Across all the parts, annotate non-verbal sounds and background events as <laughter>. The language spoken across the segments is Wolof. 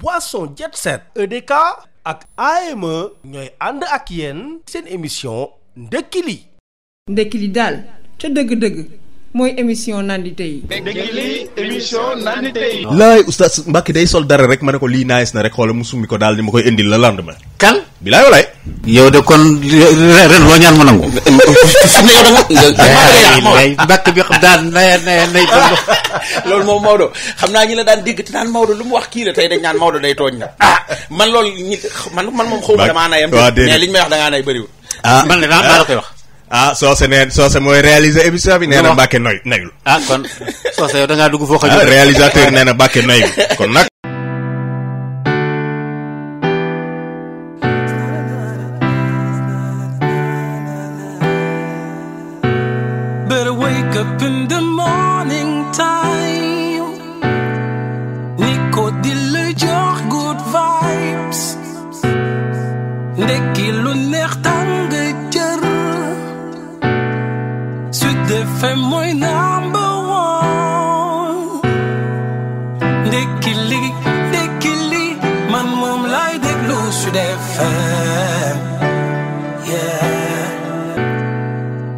Boisson Jet Set EDK ak AME ñooy ànd ak yéen seen émission ndekki li ndekki li daal ca dëgg-dëgg mooy émission nandite yi. dégg lii émission nandite yi. laay oustaz Mbacke day sol dara rek ma ne ko lii naaj na rek xoola mu summi ko daal di ma koy indi la lendemain. kan bilaay walaay. yow de kon ren loo ma nangu. xam nga xam daan nay nay nay loolu moom Maodo xam naa ñi la daan dégg te naan Maodo lu mu wax kii la tey dañ naan Maodo day tooñ na ah man lool ñi man man moom xaw ma damaa nayam. waaw mais liñ may wax da ngaa nay bëriwul. ah man de maa la koy wax. ah soose nee soose mooy réaliser émission bi nee na Mbacke noy nayul ah kon soose yow da ngaa dugg foo xajul ah, réalisateur nee na Mbacke noyul kon nag fais mooy number one ndekki li ndekki li man moom laay déglu Sud FM yeah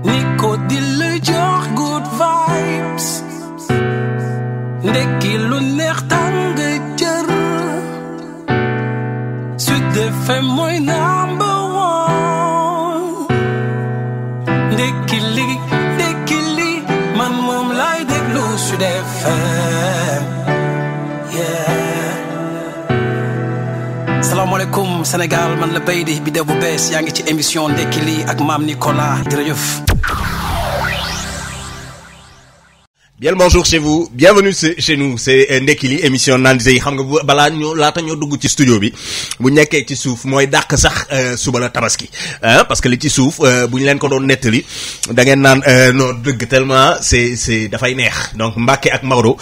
Nico di la jox good vibes ndekki lu neex tàng jër Sud FM mooy number doomu Sénégal man la bay di bi dew bu bees yaa ngi ci émission ndekki lii ak maam Nicolas jërëjëf bien bonjour chez vous bienvenue chez nous c'est euh, li émission naan yi xam nga bu balaa ñu laata ñoo dugg ci studio bi bu nekkee ci suuf mooy dàq sax euh, suba la tabaski euh, parce que li ci suuf bu ñu leen ko doon nettali da ngeen naan non dëgg tellement c'est c'est dafay neex donc Mbacke ak Maodo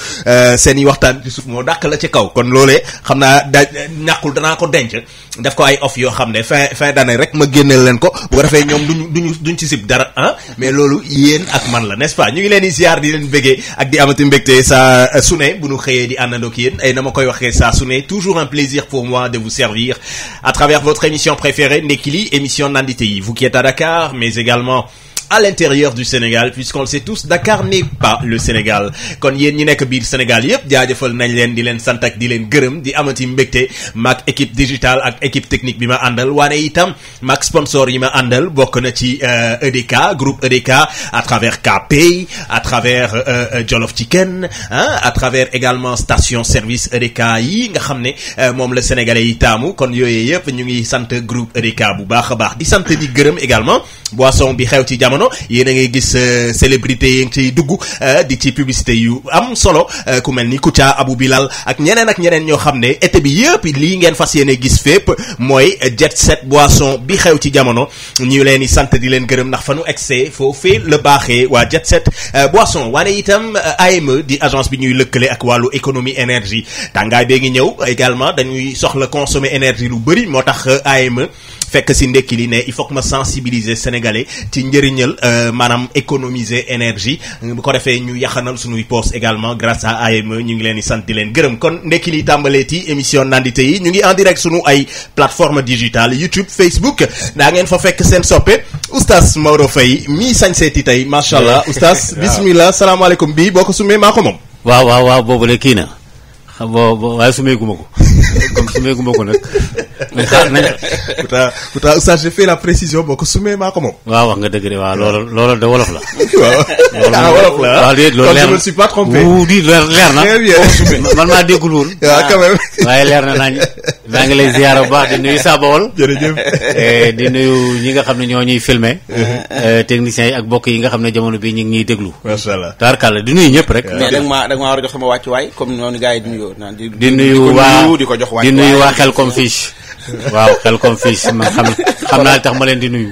seen i waxtaan ci suuf moo dàq la ci kaw kon loolee xam naa da ñàkkul danaa ko denc def ko ay off yoo xam ne fin fin d'année rek ma génneel leen ko bu ko defee ñoom duñu duñu duñ ci sib dara ah mais loolu yéen ak man la n'est-ce ñu ngi leen di ziar di leen bëggee ak di amati mbégte saa euh, su ne bu ñu xëyee di àndandoo ak yéen na ma koy waxee saa su ne toujours un plaisir pour moi de vous servir à travers votre émission préférée Ndéki émission nandite yi vous qui êtes à Dakar mais également à l'intérieur du Sénégal puisqu'on le sait tous Dakar n'est pas le Sénégal kon yéen ñi nekk biir Sénégal yépp jaajëfal nañ leen di leen sant ak di leen gërëm di amati mbégte maak équipe digitale ak équipe technique bi ma àndal waane itam maak sponsor yi ma àndal bokk na ci EDK euh, e groupe EDK à travers KPay à travers euh, euh, Jollof Chicken ah à travers également station service EDK yi nga xam ne moom la sénégal yi taamu kon yooyu yépp ñu ngi sant group EDK bu baax a baax di sant di gërëm également jamono yéen a ngay gis euh, célébrité yi ngi ciy dugg euh, di ci publicité yu am solo euh, ku mel ni ku Kouthia Abou Bilal ak ñeneen ak ñeneen ñoo xam ne été bi yëpp lii ngeen fas yéene gis fépp mooy jet set boisson bi xew ci jamono ñu leen di sant di leen gërëm ndax fa nu eggsee foofee la baaxee waa jet set boisson waane itam AME di agence bi ñuy lëkkale ak wàllu économie énergie tàngaay bee ngi ñëw également dañuy soxla consommer énergie lu bëri moo tax AME fekk si ndekki li ne il faut que ma sensibiliser sénégalais ci njëriñal euh, maanaam économiser énergie bu ko defee ñu yaxanal suñuy poste également grâce à AME ñu ngi leen di sant di leen gërëm kon ndekki li tàmbaleeti émission nandite yi ñu ngi en direct sunu ay plateforme digitale YouTube Facebook daa ngeen fa fekk seen soppe oustaz Maodo fay mii sañ seeti tey macha allah <laughs> oustaz bismillah salaamaaleykum bi boo ko sumee maa ko moom waaw waaw waaw boobu la kii na xam boo waaye <laughs> sumeeku ma ko nag. nañ <laughs> xaar nañ. pourtant pourtant oustaz j'ai fait la précision boo ko sumee waaw wax nga dëgg de waaw loolu loolu de wolof la. <laughs> waaw ah, wolof la ah. waaw déedéet loolu leer na di leer na. man maa déggul woon. waaw <laughs> ah, quand même. waaye leer na naa maa ngi lay ziyaara bu baax di nuyu saa Bawol. jërëjëf. Eh, di nuyu ñi nga xam ne ñoo ñuy filmer. Uh-huh. Eh, techniciens yi ak bokk yi nga xam ne jamono bi ñu ñuy déglu. macha allah di nuyu ñëpp rek. mais da maa war a jox sama wàccuwaay comme noonu gars yi di nuyoo. di nuyu waa di nuyu nuyu waa Xelcom Fish waaw Xelcom Fish man xam xam naa tax ma leen di nuyu.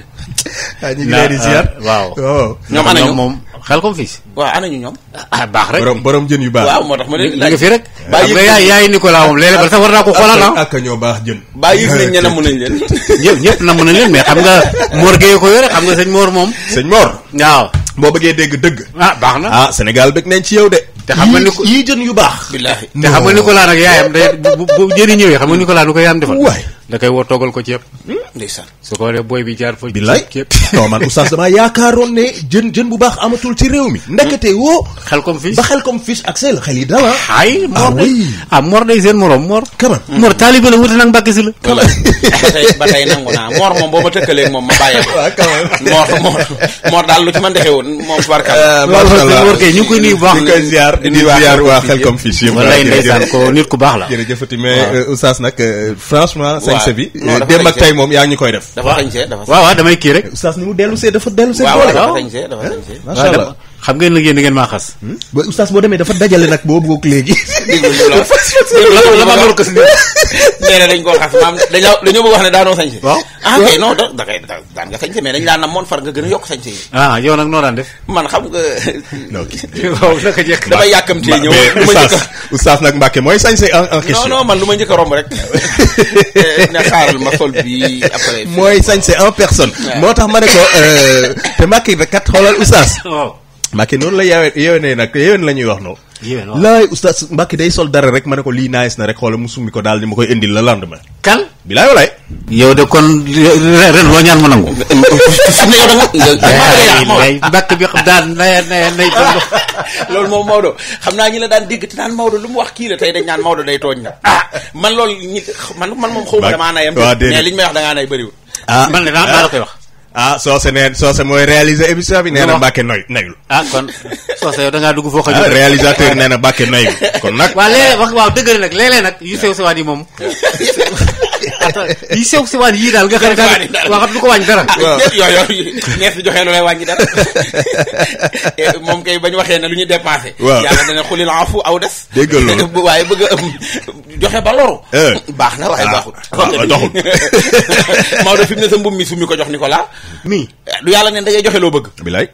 ah ñu ngi leen di ziar ah, waaw. Oh. ñoom ana ñoom moom Xelcom Fish. waaw ana ñu ñoom. ah baax rek borom borom jën yu baax. waaw moo tax ma ne la nga fi rek. bàyyi yëg yaay yaay Nicolas moom léeg-léeg ba sax war naa ko xoolal ah. ak ñoo baax jën. bàyyi yëg nañ ne namm nañ leen. <laughs> ñëpp ñëpp namm nañ leen mais xam nga Mor Gueye ko yore xam nga sëñ Mor moom. sëñ Mor waaw. boo bëggee dégg dëgg. ah baax na ah Sénégal bëgg nañ ci yow de te xam nga ni ko yii jën yu baax. billaahi te xam nga ni ko laa nag yaayam day bu bu jëriñëwee xam nga ni ko laa nu ko yaayam defal. da koy woo toggal ko ceeb. Hmm, ndeysaan su ko waree booy bi jaar fa. billaay ceeb non man oustaz <laughs> damaa yaakaaroon ne jën jën bu baax amatul ci réew mi. Hmm? ndekete woo. xel comme fish ba xel comme fish ak seel xel yi daal ah. ay Mor de ah, ah Mor day seen morom Mor. kama hmm. Mor taalibe ba tey ba tey nangu boo ma tëkkaleeg moom ma bàyyee ko. waaw kama Mor Mor Mor daal woon moom barkaal. Eh, macha allah loolu kay ñu ngi koy nuyu bu waa xel comme ko nit ku baax la. jërëjëfati mais euh, oustaz nag euh, franchement sañse bi moom yaa ngi ñu koy def dafa sañse dafa waaw waaw damay kii rek oustaz ni mu dellu see dafa dellu see doole waaw dafa xam nga nag yéen da ngeen maa xas. Hmm? ba oustaz boo demee dafa dajale nag boo bëggoog léegi. <laughs> déglu la la ma amoon ko si nee na dañ koo xas maam la wax ne daanoo sañse. waaw ah kay non da dangay daan nga sañse mais dañ laa far nga gën a yokk sañse yi. ah yow nag noo daan def. man xam nga. <laughs> non kii <laughs> waaw naka jekk. damay yàkkamtee ñëw lu ma njëkk a oustaz nag Mbacke mooy sañse en question. non man lu ma njëkk a romb rek. Eh, ne xaaral ma sol bi après. mooy sañse en personne. moo tax ma ne ko euh, te Mbacke ba kat xoolal oustaz. waaw oh. Mbacke noonu la yeewee yeewenee nag yeewen la ñuy wax noonu. yeewen waaw laay oustaz Mbacke day sol dara rek ma ne ko lii nice na rek xoolal mu summi ko daal di ma koy indil la lendemain. kan bilaay walaay. yow de kon ren loo ñaan <laughs> mu nangu. bi xam daal nay nay nay <laughs> loolu moom Maodo xam naa ñi la daan dégg te naan Maodo lu mu wax kii la tey dañ naan Maodo day tooñ na ah man loolu ñi man man moom xaw ma damaa nayam. waaw déedéet mais liñ may wax da ngaa nay bëriwul. ah man de maa la koy wax. ah soose neen soose mooy réaliser émission bi nee na Mbacke noy noyul ah kon soose yow da ngaa dugg foo ko ah, jóg réalisateur nee na Mbacke noyul kon nag waaw léeg-léeg wax waaw dëgg nag léeg-léeg nag yu sew sewaat yi moom <laughs> yi <laughs> sew si waan yii daal nga xam ne daal waxat lu ko wàññi dara ah, yooyu yooyu nees joxee lu lay wàññi dara <laughs> eh, moom kay bañ waxee ne lu ñuy dépensé waaw yàlla dana xulil afu aw des déggal loolu <laughs> waaye bëgg a um, joxe ba loru eh. baax na waaye ah. baaxul ah, doxul Maodo fi mu ne sa mbub mi su mi ko jox Nicolas mi eh, du yàlla ne dangay joxe loo bëgg bilaay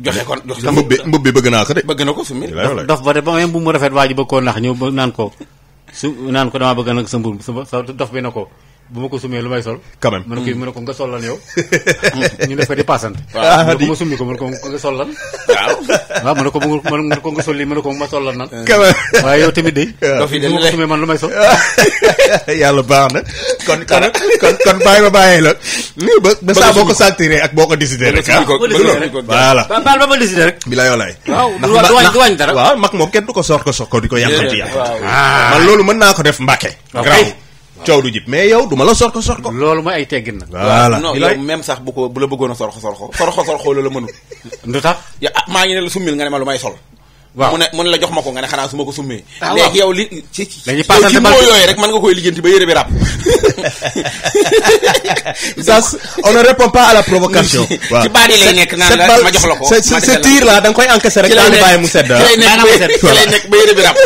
joxe kon joxe mbub bi mbub bi bëgg naa ko de na ko su de ba même bu mu rafet waa ji bëgg koo nax ñëw ba naan ko su naan ko damaa bëgg nag sa mburu sa dof bi na ko bu ma ko sumee lu may sol. quand même mu ne ko mu mm. ne ko nga sol lan yow. <laughs> ñu def <laughs> ko di passante. waaw ko ma summi ko mu ne ko nga sol lan. waaw <laughs> waaw mu ne ko mu ne ko nga sol lii mu ne ko ma sol lan ma ko sumee man baax na kon kon kon kon bàyyi ba bàyyi la. ba ba boo ko sentiree ak boo ko décidé rek. ah voilà. baal ba ma décidé rek. bi la yoo laay. waaw du wàññi du wàññi dara. waaw mag moom kenn du ko soor ko soor ko di ko yàqati yàqati. waaw ah. man loolu mën naa ko def mbàkke. coow du jib mais yow du ma la sorko sorko. loolu mooy ay teggin nag. voilà non yow même sax bu ko bu la bëggoon a sorko sorko sorko sorko <laughs> ah, ma lu may sol. waaw ma ko nga ne xanaa su ma ko summee. ah <laughs> la provocation. <laughs> waaw ma jox la ko. ma dese la ce tir là da nga koy encaisser rek. ci lay nekk ci lay ba yére bi ràpp.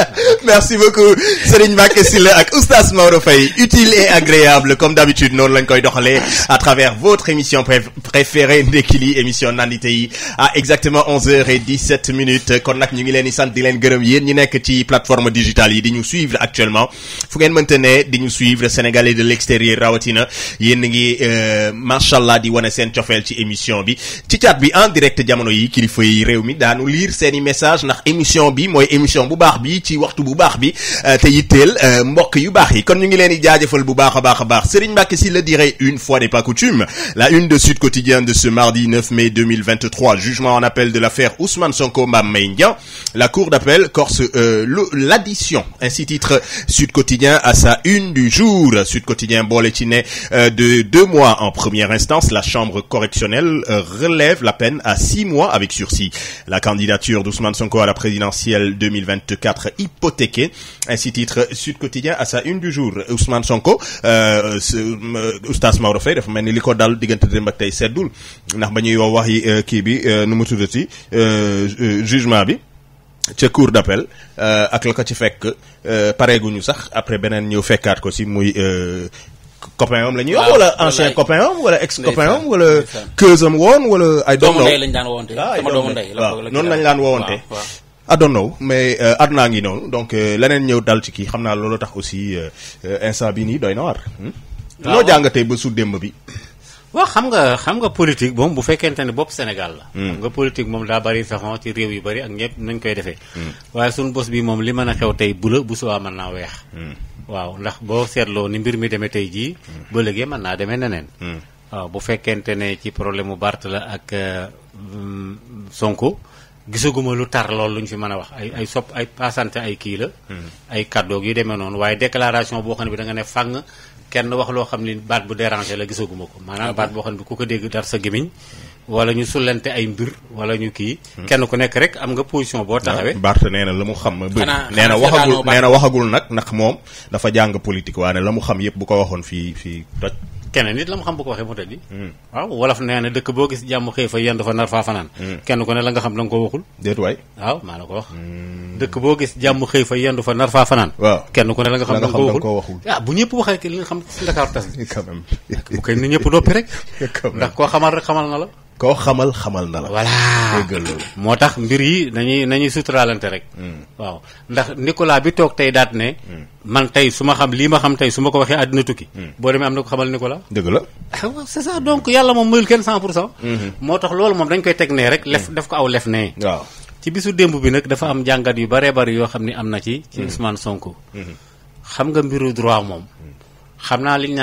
<laughs> merci beaucoup Serigne Mbacké Sylla ak Oustaz Maodo Faye utile et agréable comme d'habitude noonu lañ koy doxalee à travers votre émission préférée Ndéki li émission nandite yi à exactement onze heures et dix-sept minutes kon nag ñu ngi leen di sant di leen gërëm yéen ñi nekk ci plateforme digitale yi di ñu suivre actuellement fu ngeen mënte ne di ñu suivre sénégalais de l'extérieur rawatina yéen ngi euh, allah di wane seen cofeel ci émission bi ci chat bi en direct jamono yi kilifa réew mi daanu lire seeni message ndax émission bi mooy émission bu baax bi ci waxtu bu baax bi euh, te yitteel euh, mbokk yu baax yi kon ñu ngi leen di jaajëfal bu baax a baax a baax Serigne Mbacké Sy le dirait une fois n'est pas coutume la une de Sud Quotidien de ce mardi 9 mai 2023 jugement en appel de l'affaire Ousmane Sonko Mame euh, boole ci ne de deux mois en première instance la chambre correctionnelle relève la peine à six mois avec sursis la hypothéqués. Ainsi titre Sud Quotidien à sa une du jour Ousmane Sonko euh, euh, oustaz Maodo Faye dafa mel ni li ko dal diggante démb ak tey seddul ndax ba ñuy wax wax yi euh, kii bi nu mu tuddati jugement bi ca cour d'appel ak la ko ci fekk pareeguñu sax après beneen ñëw fekkaat ko si muy copain am la ñuy wax wala ancien copain am wala ex copain am wala keusam woon wala ay doomu ndey lañ daan woonte ah, sama doomu ndey noonu daan woowante I mais àdduna euh, ngi noonu donc euh, leneen ñëw dal ci kii xam naa loolu tax aussi euh, instant bi nii doy na war loo hmm? ah, jàngatee ba su démb bi waa xam nga xam nga politique moom bu fekkente ne bopp Sénégal la hmm. xam nga politique moom daa bari fexon ci réew yu bari ak ñëpp nañ koy defee hmm. waaye suñu bos bii moom li mën a xew tey bula bu subaa mën naa weex waaw ndax boo seetloo ni mbir mi demee tey jii ba léegi mën naa demee neneen waaw bu fekkente ne ci problème mu Barth la ak mm, Sonko gisaguma lu tar loolu lu ñu fi mën a wax ay ay sopp ay passante ay kii la. Hmm. ay kàddoog yu demee noonu waaye déclaration boo xam ne bi danga nga ne fàng kenn wax loo xam ni baat bu dérangé la gisaguma ko. maanaam ah baat boo xam ne bi ku ko dégg dar sa gémmiñ wala ñu sullante ay mbir wala ñu kii. Hmm. kenn ku nekk rek am nga position boo taxawee. Ah, Barth nee na la mu xam. xanaa nee na waxagul nee na waxagul nag ndax moom dafa jàng politique waaye la mu xam yëpp bu ko waxoon fii fii toj. keneen nit la mu xam bu ko waxee moo tax di hmm. waaw wolof nee na dëkk boo gis jàmm xëy fa yendu fa nar faa fanaan hmm. kenn ku ne la nga xam da nga ko waxul déet waay waaw maa la ko wax hmm. dëkk boo gis jàmm xëy fa yendu fa nar faa fanaan waaw kenn ku ne la nga xam da nga ko waxul ah bu ñëpp waxee li nga xam Ndakaaru tas <laughs> bu koy ni ñëpp doppi rek <laughs> ndax koo xamal rek xamal na la koo xamal xamal na la. voilà moo tax mbir yi nañuy nañuy suturaalante rek. Hmm. waaw ndax Nicolas bi toog tey daat ne. Hmm. man tey su ma xam lii ma xam tey su ma ko waxee àddina tukki. Hmm. boo demee am na ko xamal Nicolas. dëgg la ah, waaw c'est ça donc yàlla moom mayul kenn 100 pour cent. moo tax loolu moom dañ koy teg nee rek. lef daf ko aw lef nee. waaw ci bisu démb bi nag dafa am jàngat yu baree bari yoo xam ni am na ci. ci Ousmane Sonko. xam nga mbiru droit moom. xam naa li ñu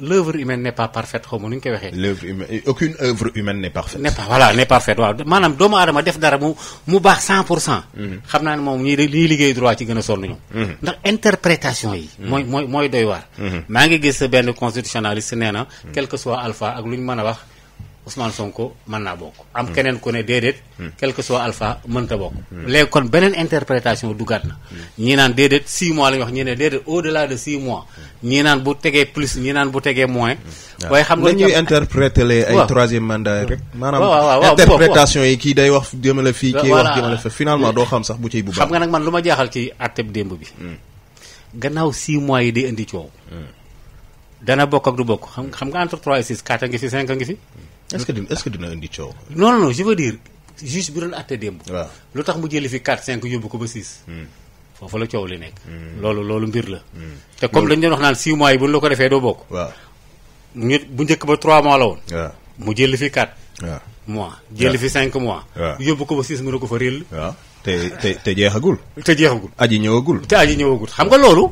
l'œuvre humaine n'est pas parfaite xaw ma nu ñu koy waxee. l'œuvre humaine aucune pas voilà n'est parfaite waaw maanaam doomu aadama def dara mu mu baax 100 pour cent. Mhm. xam naa ne moom ñii liggéey droit ci gën a sonn ñoom. Mhm. ndax interprétation yi. Mhm. mooy mooy mooy doy waar. maa ngi gis benn constitutionnaliste nee na. quel que soit alpha ak lu ñu mën a wax. Ousmane Sonko mën naa bokk. am hmm. keneen ku ne déedéet. Hmm. quel que soit alpha mënta bokk. Hmm. léegi kon beneen interprétation duggaat na. ñii naan déedéet 6 mois la wax ñii ne déedéet au delà de 6 mois. ñii naan bu tegee plus ñii naan bu tegee moins. waaye xam nga ñuy ay troisième mandat rek. maanaam interprétation yi kii day wax jëmale fii kii wax jëmale fa finalement doo xam sax bu ciy bu baax. xam nga nag man lu ma jaaxal ci àtteb démb bi. gannaaw mois yi di indi coow. dana bokk ak du bokk xam nga entre 3 et 6 4 ngi fi 5 est ce que est ce que dina indi coow. non non non je veux dire juge bi doon àtte démb. waaw lu tax mu jëli fi 4 5 yóbbu ko ba 6. Hmm. foofu la coow li nekk. Hmm. loolu loolu mbir la. Hmm. te comme dañu doon wax naan 6 mois yi bu ñu la ko defee doo bokk. bu njëkk ba 3 mois la woon. mu jëli fi 4. mois jëli fi cinq mois. waaw yóbbu ko ba 6 mu ne ko fa réel. te te jeexagul. te jeexagul. aji ñëwagul. te aji ñëwagul xam nga loolu.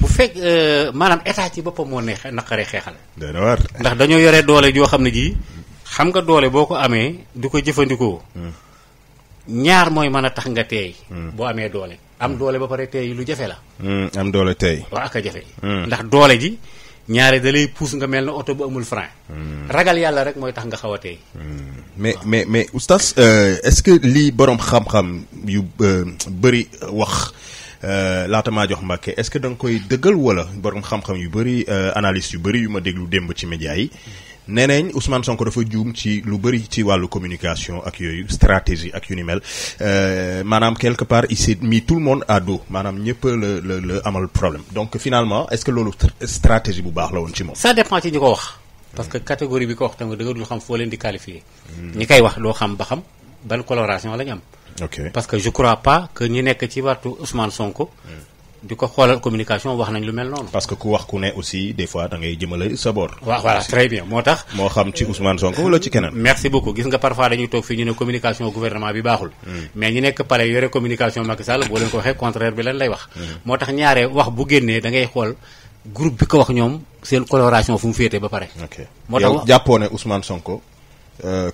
bu fekk euh, maanaam état ci boppam moo neex naqaree xeexal. dana war ndax dañoo yore xam nga doole boo ko amee du ko jëfandikoo. Hmm. ñaar mooy mën a tax nga teey. Hmm. boo amee doole am hmm. doole ba pare teey lu jafe la. am doole teey. waaw ak jafe. ndax doole ji ñaare da lay nga mel na oto bu amul frein. ragal yàlla rek mooy tax nga xaw a teey. mais mais mais oustaz euh, est-ce que lii boroom xam-xam yu euh, bëri wax. Euh, laata maa jox Mbàkke est-ce que da nga koy dëggal wala borom xam-xam yu bëri analyste yu bëri yu ma déglu démb ci média yi nee nañ Ousmane Sonko dafa juum ci lu bëri ci wàllu communication ak yooyu stratégie ak yu ni mel euh, maanaam quelque part il s'est mis tout le monde à dos maanaam ñëpp la la amal problème donc finalement est-ce que loolu stratégie bu baax la woon ci moom. ça dépend ci ñi ko wax. parce que catégorie bi ko wax tamit da nga dul xam foo leen di qualifier. Hmm. ñi koy wax doo xam ba xam ban coloration la ñu am. ok parce que je crois pas que ñi nekk ci wartu Ousmane Sonko. Hmm. di ko xoolal communication wax nañ lu mel noonu. parce que ku wax ku ne aussi des fois jëmale sa boor. waaw voilà bien moo tax. moo xam ci Ousmane Sonko wala ci keneen. merci beaucoup gis nga parfois dañuy toog fii ñu ne communication gouvernement bi baaxul. Hmm. mais ñi nekk pare yore communication Macky boo leen ko waxee contraire bi lan lay wax. Hmm. moo tax ñaare wax bu génnee da xool groupe bi ko wax ñoom seen coloration fu mu féete ba pare. ok moo tax yow jàppoo euh,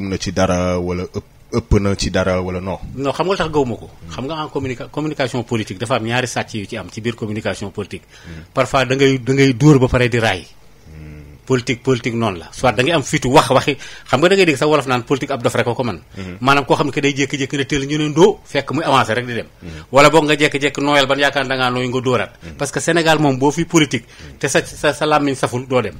na ci dara wala ëpp. ëpp na ci dara wala non. non xam nga tax gëw ko. xam nga en communication politique dafa am ñaari sàcc yu ci am ci biir communication politique. Hmm. parfois da ngay ba pare di raay. Hmm. politique politique noonu la soit da am fitu wax waxi xam nga da dégg sax wolof naan politique ab dof rek ko man hmm. maanaam koo xam ne que day jékki-jékki ne teel ñu ne nga jékki-jékki nga dóoraat parce que Sénégal moom boo fi politique te sa sa làmmiñ saful doo dem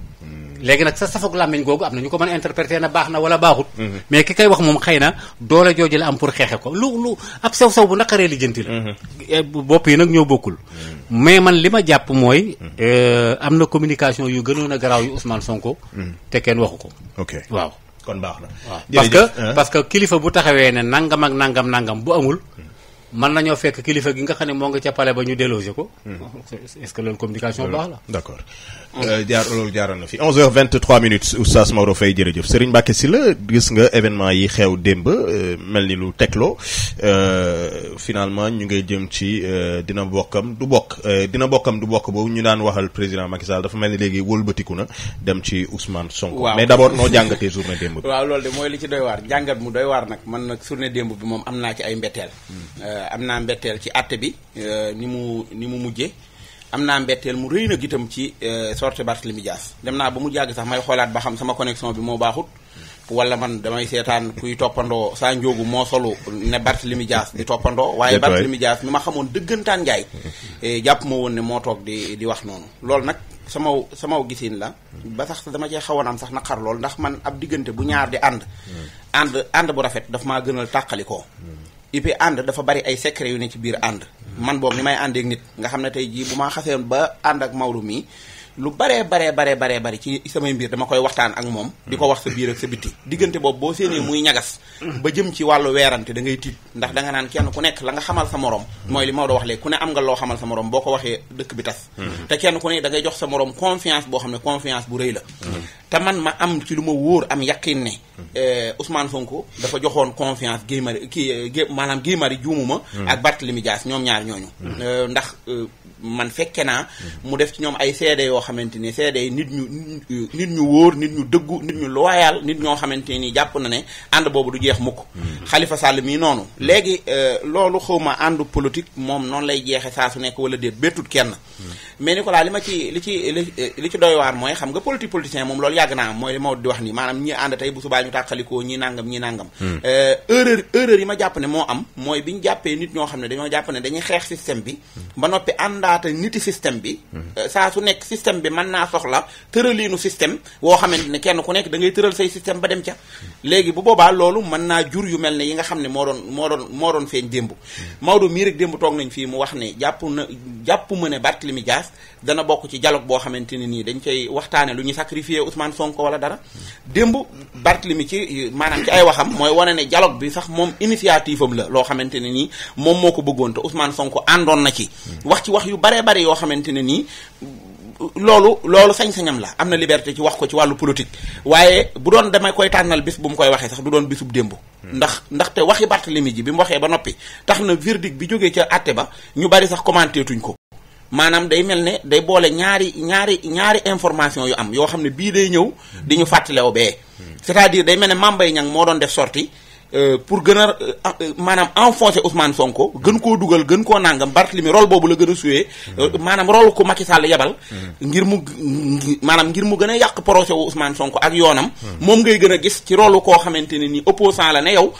léegi nag sa safag làmmiñ googu am na ñu ko man a interpréter na baax na wala baaxut mhm. mais ki koy wax moom xëy na doole jooju la am pour xeexe ko lu lu ab sew-sew bu naqaree lijjanti la mhm. eh, bopp yi nag ñoo bokkul mhm. mais man li ma jàpp mooy eh, am na communication yu gënoon a garaaw yu Ousmane Sonko te kenn waxu ko waaw kon baax na parce que parce que kilifa bu taxawee ne nangam ak nangam nangam bu amul mën ñoo fekk kilifa gi nga xam ne moo nga ca pale ba ñu délogé ko est-ce que loolu communication baax la d'accord Euh, jaar loolu jaaroon na fi 11h23 minutes Oustaz Maodo Faye jërëjëf Serigne si la gis nga événement yi xew démb euh, mel ni lu tegloo euh, finalement ñu ngay jëm ci dina bokkam du bokk dina bokkam du bokk boobu ñu daan waxal président Macky dafa mel ni léegi wëlbatiku na dem ci Ousmane Sonko. mais d'abord noo jàngatee journée démb bi. waaw loolu de mooy li ci doy waar jàngat mu doy waar nag man nag journée démb bi moom am naa ci ay mbetteel. Hmm. am naa mbetteel ci àtte bi ni mu ni mu mujjee. am naa mbetteel mu rëy nag itam ci euh, sortie Barthélemy Dias dem naa ba mu jàgg sax may xoolaat ba xam sama connexion bi moo baaxut wala man damay seetaan kuy toppandoo saa njóogu moo solu ne Barthélemy Dias di toppandoo waaye Barthélemy Dias mi ma xamoon dëggantaan njaay mm-hmm. eh, jàpp ma woon ne moo toog di di wax noonu loolu nag sama sama gisin la mm-hmm. ba sax dama cee xawoon am sax naqar lool ndax man ab diggante bu ñaar di ànd mm-hmm. ànd ànd bu rafet dafa maa gënal tàqali ko ipi ànd dafa bari ay secret yu ne ci biir ànd man boog li may àndeek nit nga xam ne tey jii bu ma xasee ba ànd ak Maodo mii lu baree baree baree bare bari ci samay mbiir dama koy waxtaan ak moom di ko wax sa biir ak sa bitti diggante boobu boo séenee muy ñagas ba jëm ci wàllu weerante da ngay tiit ndax danga naan kenn ku nekk la nga xamal sa morom mooy li Maodo wax léegi ku ne am nga loo xamal sa moroom boo ko waxee dëkk bi tas hmm. te kenn ku ne da jox sa morom confiance boo xam ne confiance bu rëy la te man ma am ci lu ma wóor am yaqin ne eh, Ousmane Sonko dafa joxoon confiance Guy Marius kii eh, maanaam Guy Marius juumuma hmm. ak Barthélémy Dias ñoom ñaar ñooñu hmm. Hmm. Eh, ndax man fekke naa mu def ci ñoom ay sede yoo xamante ni seede yi nit ñu nit ñu wóor nit ñu dëggu nit ñu loyal nit ñoo xamante nii jàpp na ne ànd boobu du jeex mukk xalifa Sall mii noonu léegi loolu ma ànd politique moom noonu lay jeexe saa su nekk wala déet bettut kenn mais Nicolas li ma ci li ci li ci doy waar mooy xam nga politique politicien moom loolu yàgg naa mooy li ma di wax ni maanaam ñi ànd tey bu subaa ñu tàqalikoo ñi nàngam ñi nàngam hmm. euh, erreur erreur yi ma jàpp ne moo am mooy bi ñu jàppee nit ñoo xam ne jàpp ne dañuy xeex système bi hmm. ba noppi àndaata niti système bi hmm. euh, saa su nekk système bi mën naa soxla tëraliinu système woo xamante ne kenn ku nekk da ngay tëral say système ba dem ca léegi bu boobaa loolu mën naa jur yu mel ne yi nga xam ne moo doon moo doon moo doon feeñ démb Maodo mii rek démb toog nañ fii mu wax ne jàpp na jàppu ma ne Barthélemy Dias dana bokk ci dialogue boo xamante ne nii dañ cay waxtaane lu ñu sacrifié Ousmane Sonko wala dara démb Barthélemy ci maanaam ci ay waxam mooy wane ne dialogue bi sax moom initiative am la loo xamante ne nii moom moo ko bëggoon te Ousmane Sonko àndoon na ci wax ci wax yu baree bari yoo xamante ne nii loolu loolu sañ-sañam la am na liberté ci wax ko ci wàllu politique waaye bu doon damay koy tànnal bis bu mu koy waxee sax du doon bisub démb ndax ndaxte waxi Barthélemy ji bi mu waxee ba noppi tax na verdict bi jógee ca àtte ba ñu bari sax commenté tuñ ko maanaam day mel ne day boole ñaari ñaari ñaari information yu am yoo xam ne bii day ñëw di ñu fàttalewoo bee. Hmm. c'est-à-dire day mel ne Mame yi Niang moo doon def sorti Euh, pour gën a euh, euh, maanaam enfoncé Ousmane Sonko gën koo dugal gën koo nangam Barthélemy rôle boobu la gën a suyee maanaam rôle ku Macky Sall yebal hmm. ngir mu maanaam ngir mu gën a yàq procès wu Ousmane Sonko ak yoonam hmm. moom ngay gën a gis ci rôle koo xamante ne ni opposant la ne yow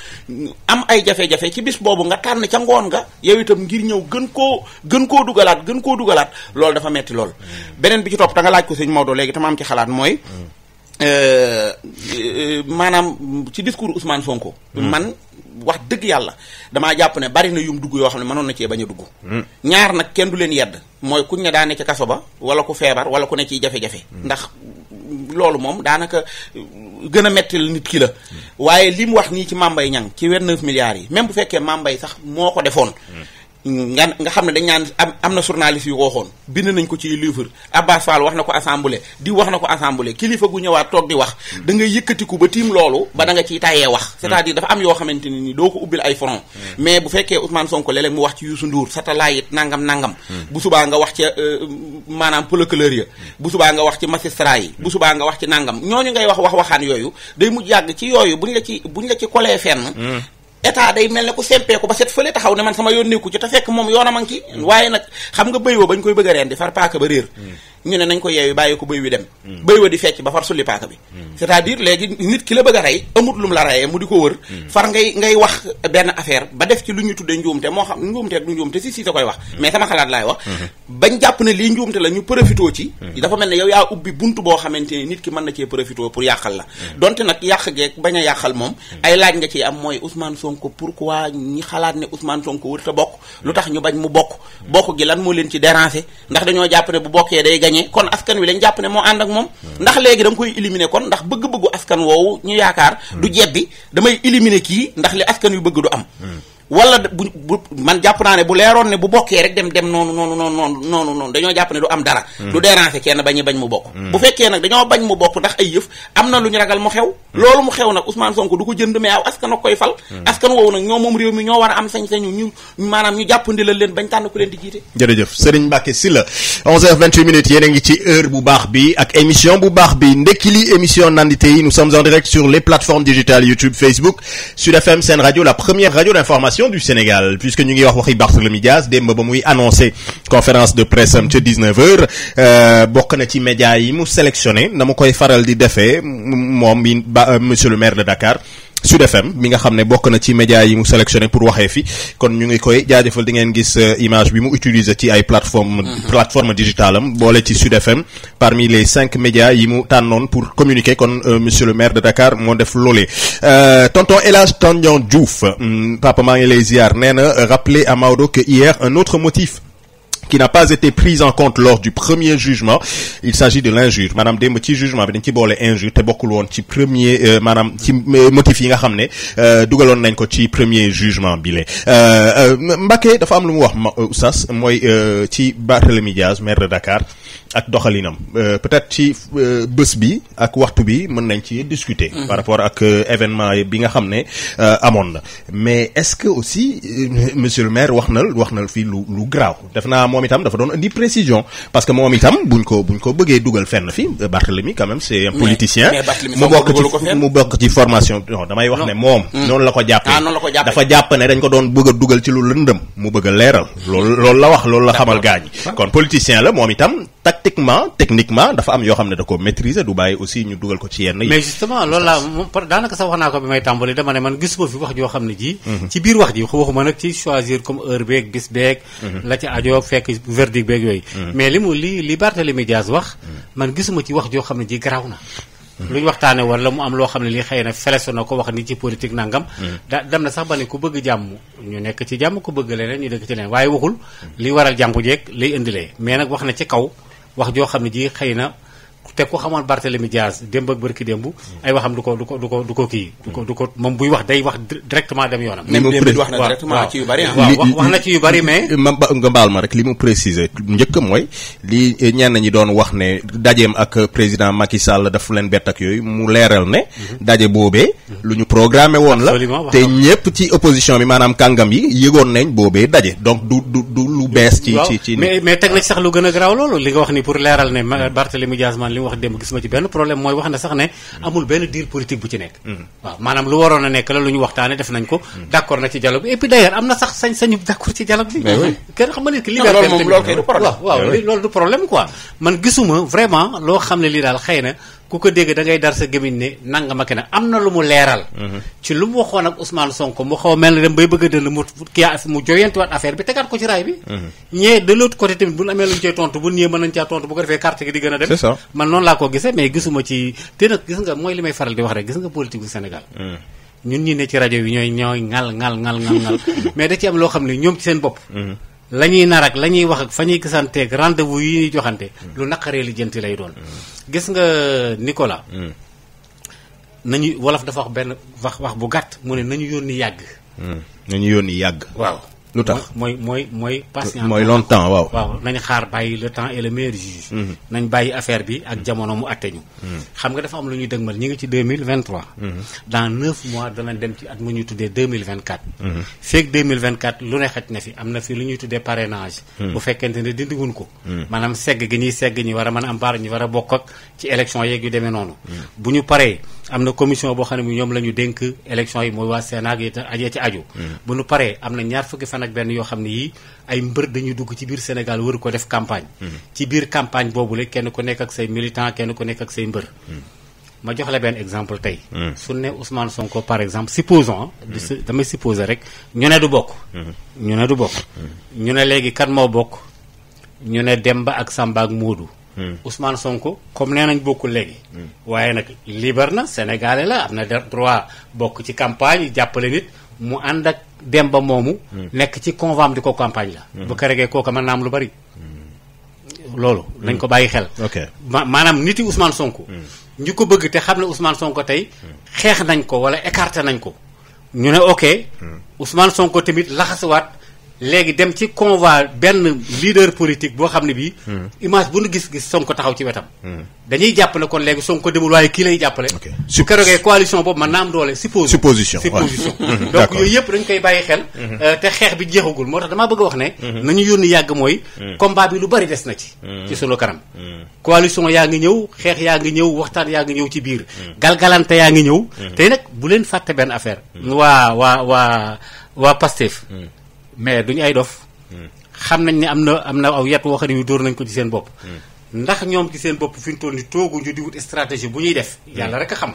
am ay jafe-jafe bis boobu nga tànn ca ngoon nga yow itam ngir ñëw gën koo gën koo dugalaat gën koo dugalaat loolu dafa metti lool hmm. beneen bi ci topp da laaj ko sëñ Maodo léegi am ci xalaat mooy Euh, euh, maanaam ci discours Ousmane Sonko. Hmm. man wax dëgg yàlla damaa jàpp ne bari na yum dugg yoo xam ne manoon na cee bañ a dugg. Hmm. ñaar nag kenn du leen yedd mooy kuñ ne daa ne ci kaso ba wala ku feebar wala ku ne ciy jafe-jafe. Hmm. ndax loolu moom daanaka gën a metti la nit ki la. waaye li mu wax nii ci Mame yi Niang ci 29 milliards yi même bu fekkee Mame yi sax moo ko defoon. nga nga xam ne dañ naan am na journaliste yu ko waxoon bind nañ ko ci livre Abbas Fall wax na ko assemblée di wax na ko assemblée kilifa gu ñëwaat toog di wax hmm. da ngay yëkkatiku ba tiim loolu ba da nga ciy tayee wax hmm. c'est-à-dire dafa am yoo xamante ne ni doo ko ubbil ay front hmm. mais bu fekkee Ousmane Sonko léeg mu wax ci Youssou Ndour satellite nangam nangam bu subaa nga wax ci euh, maanaam procureur ya bu subaa nga wax ci magistrat yi bu subaa nga wax ci nangam ñ ngay wax wax waxaan yooyu day mujj ci yooyu buñ la ci buñ la ci kolee fenn état day mel ne ku sempeeku ba set fële taxaw ne man sama yoon nekku ci te fekk moom yoonam a ngi ci waaye nag xam nga bëy woo bañ koy bëgg reen rendi far paaka ba réer ñu ne nañ ko yeewi bàyyee ko bëy wi dem hmm. bëy wa di fecc ba far sulli paaka bi hmm. cest à léegi nit ki la bëgg a rey amut lum la reyee mu di ko wër hmm. far ngay ngay wax benn affaire ba def ci lu ñu tudde njuumte moo xam njuumte ak du njuumte si si da koy wax mais sama xalaat laay wax bañ jàpp ne lii njuumte la ñu profitoo ci dafa mel ne yow yaa ubbi bunt boo xamante ni nit ki mën na cee profitoo pour yàqal la donte nag yàq geeg bañ a yàqal moom ay laaj nga ci am mooy sonk pour pourquoi ñi xalaat ne Ousmane Sonko wër ta bokk lu tax ñu bañ mu bokk bokk gi lan moo leen ci déranger ndax dañoo jàpp ne bu bokkee day gañ gañe kon askan wi lañ jàpp ne moo ànd ak moom ndax léegi da koy éliminer kon ndax bëgg-bëggu askan woowu ñu yaakaar du jebbi damay éliminer kii ndax li askan wi bëgg du am wala bu bu man jàpp naa ne bu leeroon ne bu bokkee rek dem dem noonu noonu noonu noonu noonu noonu dañoo jàpp ne du am dara hmm. du déranger kenn bañu bañ mu bokk hmm. bu fekkee nag dañoo bañ mu bokk ndax ay yëf am na lu ñu ragal mu xew hmm. loolu mu xew nag Ousmane Sonko du ko jënd mais aw askan ak koy fal askan woowu nag ñoo moom réew mi ñoo war a am sañ-sañu ñu maanaam ñu jàppandi la leen bañ tànn ku leen di ngi ci bu baax bi ak bu baax bi ndekki li émission nandite yi nous sommes en YouTube Facebook Sud FM Sen Radio la première radio d'information sélection du Sénégal puisque ñu ngi wax waxi Barthélemy Dias démb ba muy annoncé conférence de presse am ca 19h euh, bokk na ci média yi mu sélectionné na mu koy faral di defee moom mi ba euh, monsieur le maire de Dakar. Sud FM mi nga xam ne bokk na ci média yi mu sélectionné pour waxee fi kon ñu ngi koy jaajëfal di ngeen gis euh, image bi mu utiliser ci ay plateforme mhm. plateforme digitale am boole ci Sud FM parmi les cinq médias yi mu tànnoon pour communiquer kon euh, monsieur le maire de Dakar moo def loolee euh, tonton El Hadj Tandian Diouf hmm, papa maa ngi lay ziar nee na rappeler à Maodo que hier un autre motif qui n'a pas été prise en compte lors du premier jugement il s'agit de l'injure maanaam démb ci jugement bi dañ ci boole injure te bokkul woon ci premier euh, maanaam ci euh, motif yi nga xam ne euh, dugaloon nañ ko ci premier jugement bi le Mbacké dafa am lu mu wax ma Oustaz mooy ci Barthélémy Diaz maire de Dakar ak doxalinam peut-être ci bës bi ak waxtu bi mën nañ ci discuter mm. par rapport ak événement bi nga xam ne amoon na mais est-ce que aussi monsieur le maire wax na wax na fii lu lu graaw moom itam dafa doon indi précision parce que moom itam buñ ko buñ ko bëggee dugal fenn fi Barthélemy quand c'est un politicien mu bokk ci formation damay wax ne moom hmm. ah, noonu la ko jàppee dafa jàpp ne dañ ko doon bëgg dugal ci lu lëndëm mu bëgg leeral loolu la wax loolu la xamal gaañ kon politicien la moom itam tactiquement techniquement dafa am yoo xam ne da ko maîtriser du bàyyi aussi ñu dugal ko ci yenn yi. mais justement loolu laa moom daanaka sax wax naa ko bi may tàmbali dama ne joo xam ne ji. Mhm. ci wax ji waxuma nag ci choisir comme heure beeg bis beeg. Mhm. la ca ajoo fekk verdict yooyu. Mhm. mais li mu li li Barthélémy Dias wax. man gisuma ci wax joo xam ne ji garaaw lu ñu waxtaane wala mu am loo xam ne li xëy na felesu na ko wax ni ci politique nangam da dem sax ba ne bëgg jàmm ñu nekk ci jàmm ku bëgg leneen ñu dëkk ci waaye waxul li waral jàmp jeeg lay indilee mais nag wax na ci kaw wax joo xam ne ji xëy na te ku xamoon Barthélemy Diaz démb ak bërki démb ay waxam du ko du ko du ko kii du buy wax day wax directement dem yoonam ah. wax na ci yu bari waaw wax na ci yu mbaal ma rek li mu préciser njëkk mooy li ñenn ñi doon wax ne dajeem ak président Macky Sall dafa leen bett ak yooyu mu leeral ne mhm. daje boobee mhm. lu ñu programmé woon la te ñépp ci opposition bi maanaam kàngam yi yëgoon nañ boobee daje donc du du lu bees ci ci ci mais mais teg na sax lu gën a garaaw mu wax démb gisuma ci benn problème mooy wax na sax ne mm. amul benn diir politique bu ci nekk mm. waaw maanaam lu waroon a nekk la lu ñu waxtaane def nañ ko mm. d'accord na ci dialogue bi et puis am na sax sañ sañu d'accord ci dialogue bi kenn xam nga ne que liberté waaw waaw loolu du problème quoi man gisuma vraiment loo xam ne lii daal xëy ku ko dégg da ngay dar sa gémmiñ ne nanga ma keneen am na lu mu leeral. Mhm. ci lu mu waxoon ak Ousmane Sonko mu xaw a mel ne dem bay bëgg a dëll mu kii mu joyantiwaat affaire bi tegaat ko ci raay bi. Mhm. ñee de l'autre côté tamit bu ñu amee lu ñu cee tontu bu ñëwee mën nañu caa tontu bu ko defee carte gi di a ko gisee mais gisuma ci te gis nga mooy li may faral di wax rek gis nga politique bu Sénégal. Mhm. ñun ñi ne ci rajo bi ñooy ñooy ngal ngal ngal ngal mais da ci am loo xam ne ñoom ci seen bopp. la ñuy nar ak la ñuy wax ak fa ñuy gisanteeg rendez-vous yi ñuy joxante lu naqaree lijjanti lay doon gis nga Nicolas nañu wolof dafa wax benn wax wax bu gàtt mu ne nañu yónni yàgg hmm. nañu yónni yàgg waaw lu tax mooy mooy mooy patient mooy longtemps waaw waaw nañ xaar bàyyi le temps et le meilleur juge mhm. nañ bàyyi affaire bi ak jamono mu atte ñu mhm. xam nga dafa am lu ñuy dëgmal ñi ngi ci 2023 mhm. dans neuf mois danañ dem ci at mu ñuy tuddee mille 2024 feeg 2024 lu ne xaj na fi am na fi lu ñuy tuddee parrainage bu fekkente ne dindiwuñ ko maanaam segg gi ñuy segg ñi war a man a am baar ñi war a bokk ak ci élection noonu am na commission boo xam ne ñoom lañu ñu dénk élection yi mooy waa Sénat yi ajee ci aju mm. bu ñu paree am na ñaar fukki fan ak benn yoo xam ne yii ay mbër dañuy dugg ci biir Sénégal waru ko def campagne mm. ci biir campagne boobule kenn ku nekk ak say militant kenn ku nekk ak say mbër mm. ma jox la benn exemple tey su ne Ousmane Sonko par exemple supposons damay supposer rek ñu ne du bokk ñu ne du bokk ñu ne léegi kan moo bokk ñu ne dem Demba ak Samba ak Modou Hmm. Ousmane Sonko comme nee nañ bokkul léegi. Hmm. waaye nag libre na Sénégalais la am na droit bokk ci campagne jàppale nit mu ànd ak dem ba moomu. Hmm. nekk ci convent di ko campagne la. bu keregee kooka mën naa am lu bari. loolu nañ ko bàyyi xel. ma maanaam nit yi Ousmane Sonko. ñu ko bëgg te xam ne Ousmane Sonko tey. xeex nañ ko wala écarté nañ ko. ñu ne ok. Ousmane Sonko tamit laxasiwaat. léegi dem ci convoi benn leader politique boo xam ne bii. Hmm. image bu nu gis-gis Sonko taxaw ci wetam. Hmm. dañuy jàpp ne kon léegi Sonko demul waaye kii lay jàppale. su kerogee coalition boobu man naa am doole suppose. supposition supposition. Hmm, donc yooyu yëpp dañ koy bàyyi xel. Euh, te xeex bi jeexagul moo tax damaa bëgg a wax ne. nañu yónni yàgg mooy. combat bi lu bari des na ci. ci sunu kanam. coalition yaa ngi ñëw xeex yaa ngi ñëw waxtaan yaa ngi ñëw ci biir. galgalante yaa ngi ñëw. tey nag bu leen fàtte benn affaire. waa waa waa waa Pastef. mais duñu ay dof. Hmm. xam nañ ni am na am na aw yet woo xam ne dóor nañ ko ci seen bopp. Hmm. ndax ñoom ci seen bopp fi ñu toll nii tooguñu di wut stratégie bu ñuy def. Hmm. yàlla rek a xam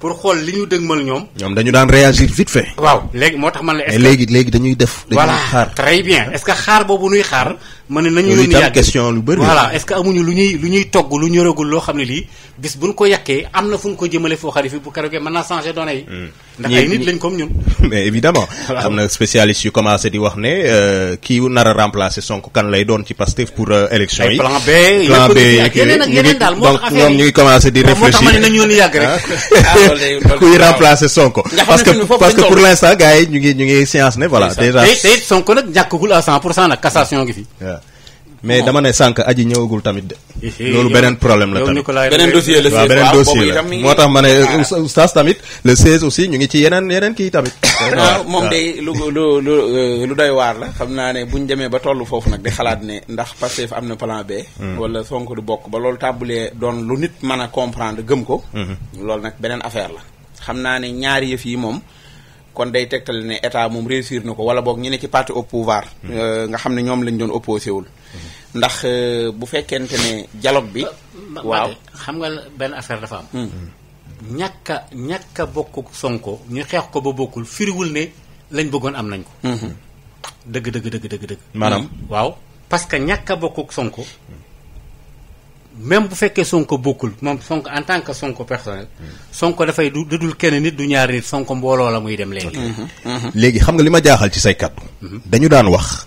pour xool li ñu dëgmal ñoom. ñoom dañu daan réagir vite fait. waaw léegi moo tax man la. est léegi léegi dañuy def. dañuy xaar voilà très bien est-ce que xaar boobu nuy xaar. mën nañu lu ñu question lu bëri. voilà est-ce que amuñu lu ñuy lu ñuy togg lu ñoragul loo xam ne lii bis buñ ko yàkkee am na fu ñu ko jëmale foo xam ne fii bu keroog mën naa changer données ndax ay nit lañ comme ñun. <laughs> mais évidemment am na spécialiste yu commencé di wax ne euh, kii nar a remplacer Sonko kan lay doon ci Pastef pour euh, élection yi. plan B plan B ñoom ñu ngi commencé di. réfléchir moo tax nañu yoonu yàgg rek. Ah. Ah, <laughs> kuy remplacer Sonko. parce que parce que pour l' instant yi ñu ngi ñu ngi science ne voilà. déjà te Sonko nag ñàkkagul à 100 pour cent nag cassation ngi fi. mais dama ne sànq aji ñëwagul tamit de. Eh, eh, loolu beneen problème la tamit beneen dossier la. waaw beneen dossier la moo tax ma ne ah. euh, tamit le aussi ñu ngi ci yeneen yeneen kii tamit. waaw ah. moom ah. day lu lu lu euh, lu doy waar la xam naa ne bu ñu demee ba tollu foofu nag di xalaat ne ndax Pastef am na plan hmm. wala Sonko du bokk ba loolu tàmbalee doon lu nit mën a comprendre gëm ko. Hmm. loolu nag beneen affaire la. xam naa ne ñaari yëf yi moom. kon day tegtal ne état moom réussir na ko wala boog ñu ci parti au pouvoir. Hmm. Euh, nga xam ne ñoom lañ doon opposé wul. ndax euh, bu fekkente ne dialogue bi. waaw xam nga benn affaire dafa am. Hmm. ñàkk a ñàkk bokk Sonko ñu xeex ko ba bokkul firiwul ne lañ bëggoon am nañ ko. Hmm. dëgg dëgg dëgg dëgg dëgg. maanaam waaw parce que ñàkk a bokk Sonko. même bu fekkee Sonko bokkul moom Sonko en tant que Sonko personnel hmm. Sonko dafay du dudul kenn nit du ñaari nit Sonko mbooloo la muy dem léegi. léegi xam nga li ma jaaxal ci say kàddu. dañu daan wax.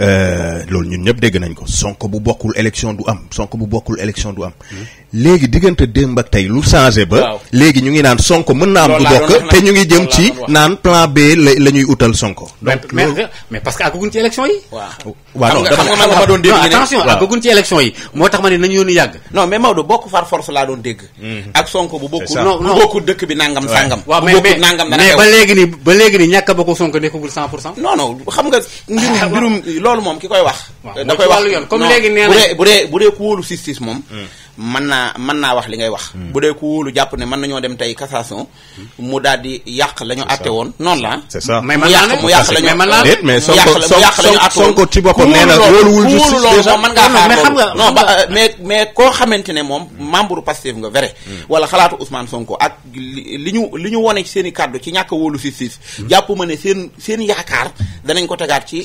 Euh, loolu ñun ñëpp dégg nañ ko Sonko bu bokkul élection du am Sonko bu bokkul élection du am. Hmm. léegi diggante démb ak tey lu changé ba. léegi ñu ngi naan Sonko mën naa am. du bokk te ñu ngi jëm ci naan plan B la la ñuy utal Sonko. donc mais mais parce que àggaguñ ci élection yi. waaw waaw non dama xam nga doon dégg ci élection yi moo tax ma ne nañu yoonu yàgg. non mais Maodo bokk far force laa doon dégg. Mm-hmm. ak Sonko bu bokkul dëkk bi nangam sangam. waaw mais mais ba léegi ni ba léegi ni ñàkk a bokk Sonko nekkagul 100 pour cent. non non xam nga. mbirum <laughs> mbirum loolu moom ki koy wax. da koy wax bu dee bu dee ku wóolu justice moom mm. mën naa man naa wax li ngay wax hmm. bu dee ku wóolu jàpp ne man na ñoo dem tey cassation hmm. mu daal di yàq la ñu woon noonu la c'est ça mais la ñu déet mais Sonko Sonko ci boppam nee na wóoluwul justice loolu koo xamante ne moom membre Pastef nga vrai hmm. wala xalaatu Ousmane Sonko ak li ñu li ñu wone ci i kàddu ci ñàkk wóolu justice jàpp ma ne seen seen yaakaar danañ ko tegaat ci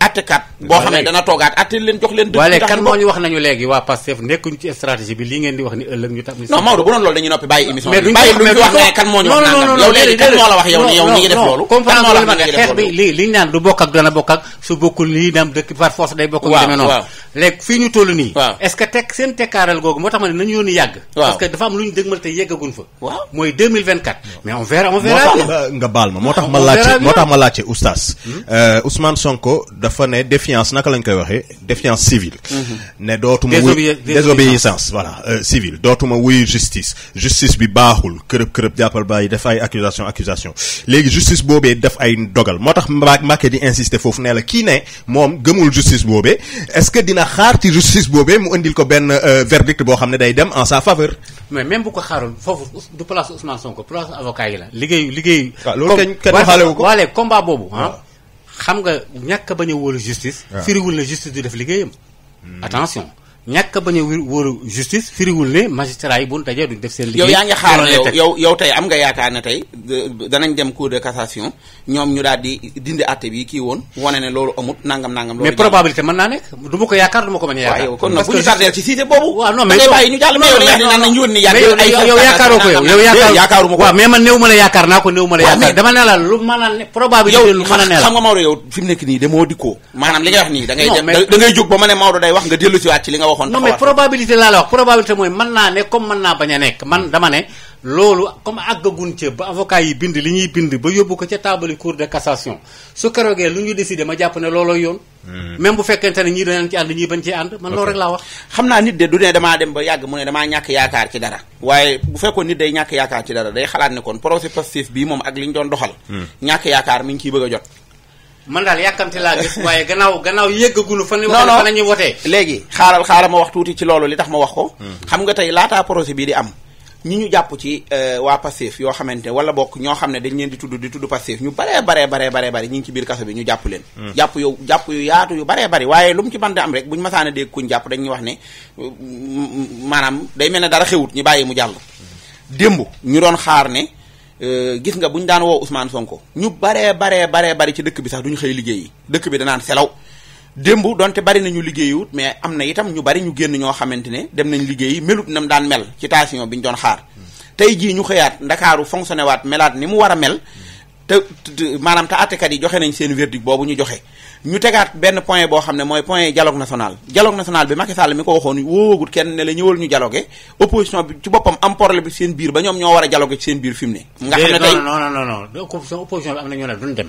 attekat euh, boo xam ne dana toogaat atte leen jox leen dëgg kan moo ñu wax nañu léegi waa Pastef nekkuñ ci stratégie bi lii ngeen di wax ni ëllëg ñu tax. bu doon loolu dañuy noppi bàyyi émission bi. mais duñ ko mais wax ne moo ñu wax nangam yow léegi kan moo la wax yow def loolu. la wax ni ngi def loolu xeex bi lii désobéissance voilà euh, civile dootuma wuyu justice justice bi baaxul kërëb-kërëb jàppal bàyyi def ay accusation accusation léegi justice boobee def ay dogal moo tax Mbacké di insister foofu nee la kii ne moom gëmul justice boobee est-ce que dina xaar ci justice boobee mu indil ko benn euh, verdict boo xam ne day dem en sa faveur mais même bu ko xaarul foofu du place Ousmane Sonko place avocat yi la liggéey liggéeyu waaw loolu kenn kenn xaalewu ko waale combat boobu ah. xam nga ñàkk bañ a wóolu def liggéeyam hmm. ñàkk bañ a wóor justice firiwul ne magistrat bu ñu duñ def seen liggéey yow yaa ngi xaar ne tey danañ dem cour de cassation ñoom ñu daal di dindi àtte bi kii woon wane ne loolu amut nangam nangam loolu mais probabilité naa ma ko yaakaar ma a la yaakaar naa ko néew ma la yaakaar dama ne la lu mën a ne probabilité lu mën a ne la xam nga Maodo yow fi nekk nii demoo dikkoo maanaam li nga wax nii da jóg ba ma ne Maodo day wax nga dellu si waat ci waxoon. non mais probabilité laa la wax probabilité mooy mën naa ne comme mën naa bañ a nekk man dama ne loolu comme àggagun ca ba avocat yi bind li ñuy bind ba yóbbu ko ca taabali cour de cassation su keroogee lu ñu décidé ma jàpp ne looloo yoon. Hmm. même bu fekkente ne ñii danañ ci ànd ñii bañ ci ànd. man loolu rek laa wax. xam naa nit de du ne damaa dem ba yàgg mu ne damaa ñàkk yaakaar ci dara. waaye bu fekkoon nit day ñàkk yaakaar ci dara day xalaat ne kon procès Pastef bii moom ak li hmm. ñu yaakaar ngi ciy bëgg jot. man daal yàkkamti laa gis waaye gannaaw gannaaw yëggagunu fan. non la ñuy wotee. léegi xaaral xaaral ma wax tuuti ci loolu li tax ma wax ko. Hmm. xam nga tey laataa projet bii di am. ñi ñu jàpp ci euh, waa Pastef yoo xamante ne wala bokk ñoo xam ne dañ leen di tudd di tudd Pastef ñu baree baree baree baree baree ñu ngi ci biir kaso bi ñu jàpp leen hmm. jàpp yow jàpp yu yaatu yu baree bari waaye lu mu ci mën di am rek bu ñu masaana dégg kuñ jàpp dañuy wax ne euh, maanaam day mel ne dara xewut ñu bàyyi mu jàll hmm. démb ñu doon xaar ne Euh, gis nga bu ñu daan woo Ousmane Sonko ñu baree baree bare bari ci dëkk bi sax du ñu xëy liggéeyi dëkk bi danaan selaw démb donte bari nañu liggéeyiwut mais am na itam ñu bari ñu génn ñoo xamante ne dem nañ liggéeyi melut nam daan mel ci tension bi ñu doon xaar tey jii ñu xëyaat ndakaaru fonctionné waat melaat ni mu war a mel te maanaam te àttekat yi joxe nañ seen verdict boobu ñu joxe ñu tegaat benn point boo xam ne mooy point dialogue national dialogue national bi Macky Sall mi ko waxoon wóowagut kenn ne la ñëwal ñu dialogue opposition bi ci boppam am problème bi seen biir ba ñoom ñoo war a dialogue ci seen biir fi mu ne nga xam ne tey non non non opposition bi am na ñoo ne duñ dem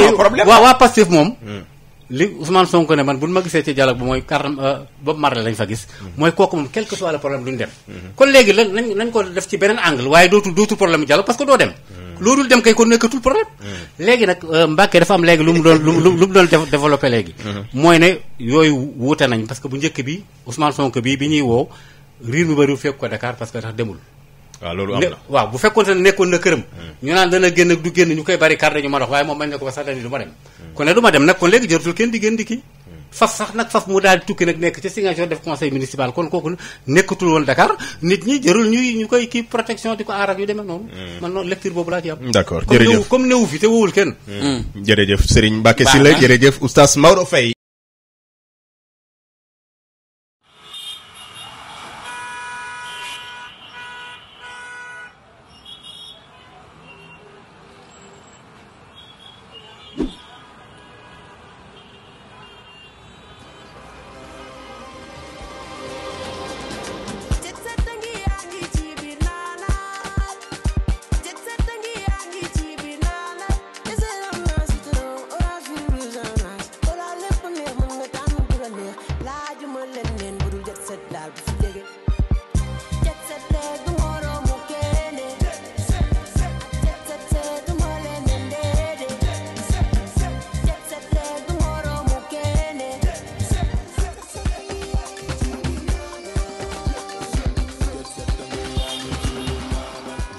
yooyu waaw waa Pastef moom hmm. li Ousmane Sonko ne man bu ma gisee ci dialogue ba mooy kartam euh, Bob Marley lañ fa gis hmm. mooy kooku moom quel que soit le problème duñ dem hmm. kon léegi lan nañ nañ ko def ci beneen angle waaye dootul dootul problème dialogue parce que doo dem loolu dem kay kon nekkatul problème léegi nag euh, Mbacke dafa am léegi lu mu doon lu mu lu mu doon développé léegi mooy ne yooyu wuute nañ parce que bu njëkk bi Ousmane Sonko bi bi ñuy woow riir mi bëriwu fekk ko Dakar parce que tax demul waaw loolu am na waaw bu fekkoon te nekkoon na këram ñu naan dana génn ak du génn ñu koy bari kar dañu ma dox waaye moom bañ ne ko ba sax dani du ma dem hmm. kon ne du ma dem nag kon léegi di génn nekk ca Ziguinchor def conseil municipal kon kooku nekkatul woon Dakar nit ñi jërul ñuy ñu koy kii protection di ko aar ak yu demee noonu. Hmm. man noonu lecture boobu laa ci am. Hmm, d'accord jërëjëf comme newu fi te wowul kenn. jërëjëf Serigne Mbacké Sylla jërëjëf oustaz Maodo Faye.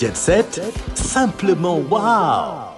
Jet Set, simplement wow!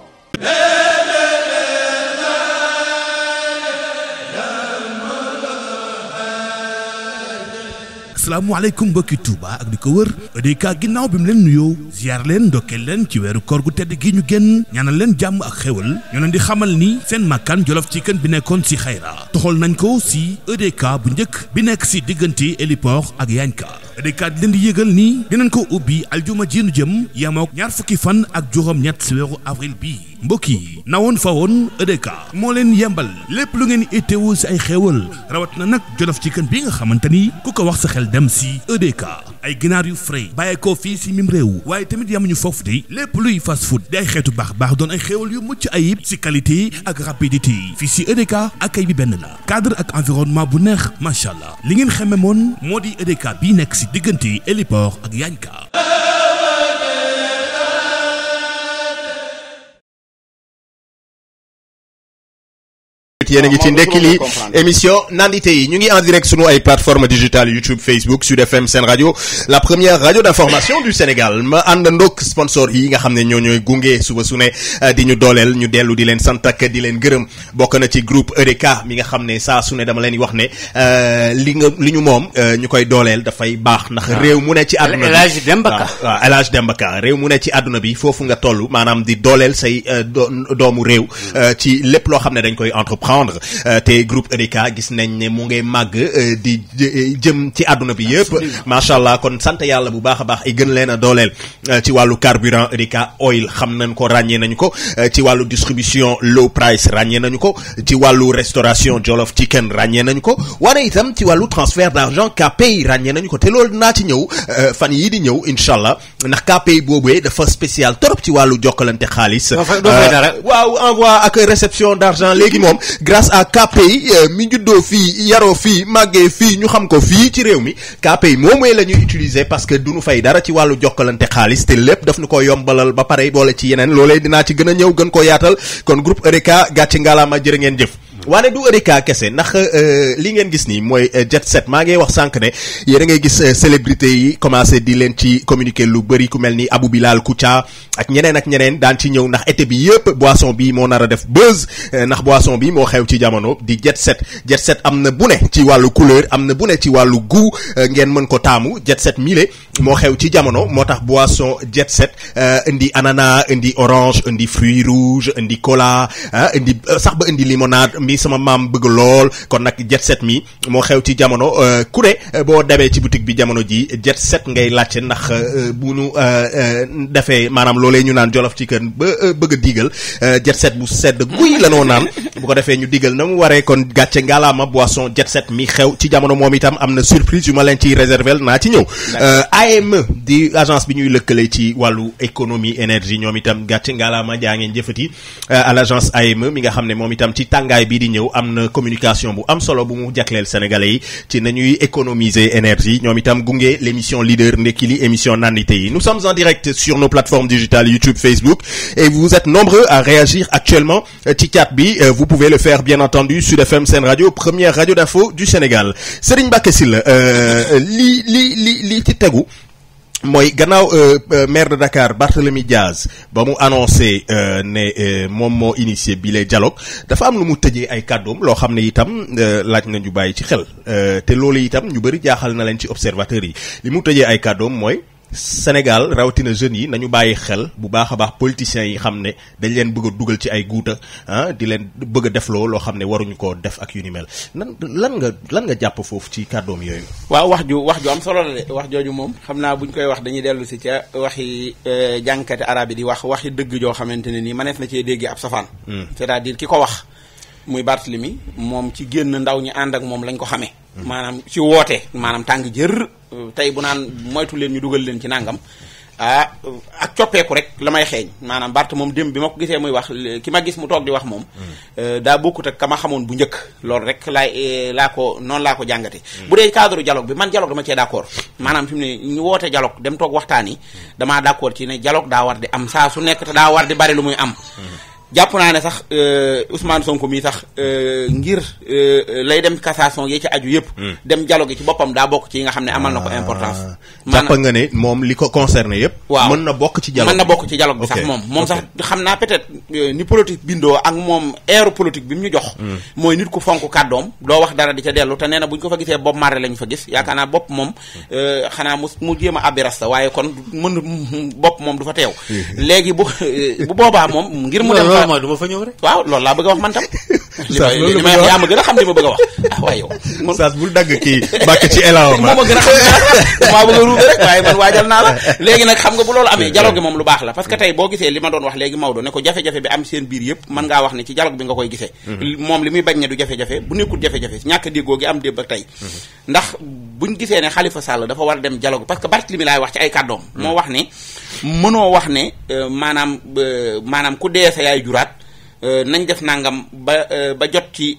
asalaamaaleykum mbokki Touba ak di ko wër EDK ginnaaw bi mu leen nuyoo ziar leen ndokkeel leen ci weeru koor gu tedd gi ñu génn ñaanal leen jàmm ak xéwal ñoo leen di xamal ni seen makkaan Jolof Chicken bi nekkoon si xayra toxal nañ ko si EDK bu njëkk bi nekk si diggante héliport ak Yanka EDK di leen di yëgal ni dinañ ko ubbi aljuma ji nu jëm yemook ñaar fukki fan ak juróom-ñett si weeru avril bii mbokk yi nawoon fa woon EDK moo leen yembal lépp lu ngeen itteewu si ay xéewal rawat na nag jolof ci kën bi nga xamante ni ku ko wax sa xel dem si EDK ay ginaar yu frais bàyyeekoo fii si mim réew waaye tamit yamuñu foofu de lépp luy fast food di ay xeetu baax baax doon ay xéewal yu mucc ayib si qualité ak rapidité fii si EDK akay bi benn la cadre ak environnement bu neex macha allah li ngeen xeme moon moo di EDK bii nekk si diggante héliport ak Yanka minutes yéen a ngi ci ndekki li émission nandite yi ñu ngi en direct sunu ay plateforme digitale YouTube Facebook Sud FM seen Radio la première radio d'information du Sénégal ma ànd ndokk sponsor yi nga xam ne ñoo ñooy gunge suba su ne euh, di ñu dooleel ñu dellu di leen santa ak di leen gërëm bokk na ci groupe Eureka mi nga xam ne saa sune dama leen wax ne euh, li nga li ñu moom euh, ñu koy dooleel dafay baax ndax réew mu ne ci àdduna bi El Hadj Demba Ka réew mu ne ci àdduna bi foofu nga toll maanaam di dooleel say doomu réew hmm. lépp loo xam ne dañ koy entreprendre comprendre euh, te groupe Erika gis nañ ne mu ngay màgg euh, di euh, jëm ci àdduna bi yëpp macha allah kon sant yàlla bu baax a baax gën leen a dooleel ci wàllu carburant Erika oil xam nañ ko ràññee nañ ko ci wàllu distribution low price ràññee nañu ko ci wàllu restauration Jollof Chicken ràññee nañ ko waaye itam ci wàllu transfert d'argent KPay ràññee nañu ko te lool dinaa ci ñëw fan yii di ñëw incha allah ndax KPay boobee dafa spécial trop ci wàllu jokkalante xaalis waaw envoi ak léegi moom grace à KPI euh, mi juddoo fii yaroo fii màggee fii ñu xam ko fii ci réew mi KPI moomee la ñuy utiliser parce que du ñu fay dara ci wàllu jokkalante xaalis te lépp daf ñu ko yombalal ba pare boole ci yeneen loolee dinaa ci gën a ñëw gën ko yaatal kon groupe Eureka gàcce ngalaama jërë ngeen jëf waane du Eureka kese ndax euh, li ngeen gis nii mooy euh, jet set maa ngi wax sànq ne yéen a ngay gis euh, célébrité yi commencé di leen ci communiquer lu bëri ku mel ni Abou Bilal Koutia ak ñeneen ak ñeneen daan ci ñëw ndax été bi yëpp boisson bi moo nar def buzz ndax boisson bi moo xew ci jamono di jet set jet set am na bu ne ci wàllu couleur am na bu ne ci wàllu goût ngeen mën ko taamu jet set mile moo xew ci jamono moo tax boisson jet set indi ananas indi orange indi fruit indi cola indi sax li sama maam bëgg lool kon nag jet set mi moo xew ci jamono euh, ku euh, boo demee ci boutique bi jamono ji jet set ngay laajte ndax euh, bu ñu defee maanaam loolee ñu naan jolof ci kën ba bëgg a diigal set bu sedd guy lanoo naan bu ko defee ñu digal na mu waree kon gàcce ngalaama boisson jet set mi xew ci jamono moom itam am na surprise yu ma leen ciy réservel naa ci ñëw AME di agence bi ñuy lëkkalee ci wàllu économie énergie ñoom itam gàcce ngalaama jaa ngeen jëfati à l'agence AME mi nga xam di ñëw am na communication bu am solo bu mu jagleel sénégalais énergie ñoom sommes en direct sur nos plateformes digitales YouTube Facebook et vous êtes nombreux à réagir actuellement euh, ci euh, vous pouvez le faire bien entendu Sud FM Sen Radio première radio d'info du Sénégal Serigne Mbacké euh, li li li li mooy gannaaw euh, euh, maire de Dakar Barthélemy Diaz ba mu annoncé euh, ne moom moo initié bi les dialogue dafa am lu mu tëjee ay kàddoom loo xam ne itam laaj na ñu bàyyi ci xel te loolu itam ñu bëri jaaxal na leen ci observateurs yi li mu tëjee ay kàddoom mooy Sénégal rawatina jeunes yi nañu bàyyi xel bu baax a baax politiciens yi xam ne dañ leen bëgg dugal ci ay guuta ah di leen bëgg def loo loo xam ne waruñu koo def ak yu ni mel lan nga lan nga jàpp foofu ci kàddoom yooyu. waaw wax ju wax ju am solo la moom xam naa buñ koy wax dañuy dellu si ca waxi eh, jànkati arab yi di wax waxi dëgg joo xamante ne nii mënees na cee dégg ab safaan. Hmm. c'est-à-dire ki ko wax. muy mi moom ci génn ndaw ñi ànd ak moom lañ ko xame hmm. maanaam ci woote maanaam tàng jër tey bu naan moytu leen ñu dugal leen ci nangam ah ak coppeeku rek la may xeeñ maanaam Bart moom démb bi ma ko gisee muy wax ki ma gis mu toog di wax moom hmm. euh, daa bokkut ak ka ma xamoon bu njëkk loolu rek laay eh, laa ko noonu laa ko jàngate hmm. bu dee cadre dialogue bi man dialogue dama cee d'accord maanaam fi mu ne ñu woote dialogue dem toog waxtaan yi hmm. damaa d'accord ci ne dialogue daa war di am saa su nekk te daa war di bari lu muy am jàpp naa ne sax euh, Ousmane Sonko mii sax euh, ngir euh, lay dem cassation yi ci aju yëpp. Hmm. dem dialogue gi ci boppam daa bokk ci yi nga xam ne amal na ko ah. importance. jàpp nga ne moom li ko concerné yëpp. waaw mën na bokk ci dialogue na bokk ci dialogue bi sax moom moom sax xam naa peut-être ni politique bindoo ak moom aéro politique bi mu ñu jox. Hmm. mooy nit ku fonk kàddoom doo wax dara di ca dellu te nee na bu ñu ko fa gisee bopp marre lañ fa gis yaakaar naa bopp moom hmm. xanaa mu mu jéem a abbi rasta waaye kon mën bopp moom du fa <laughs> moom ngir mu <laughs> dem loolu mooy du ma fa ñëw rek. waaw loolu laa bëgg a wax man tam. <laughs> saas loolu la a a ah, <laughs> dagg kii bàkk ci élan ma. <laughs> moo ma gën a xam maa a ruube rek waaye man waajal naa la. léegi nag xam nga bu loolu amee dialogue baax la parce que tey boo li ma doon wax léegi Maodo ne ko jafe-jafe bi am seen biir yëpp mën ngaa wax ne ci dialogue bi nga koy gisee. Mhm. moom li muy bañ ne du jafe-jafe bu nekkul jafe-jafe ñàkk déggoo gi am démb ak tey. Mhm. ndax buñ gisee ne Khalifa Sall dafa war dem dialogue parce que Barthélemy laay wax ci ay kàddoom mhm. moo wax ni mënoo wax ne euh, maanaam euh, maanaam ku dee sa yaay juraat euh, nañ def nangam ba ba jot ci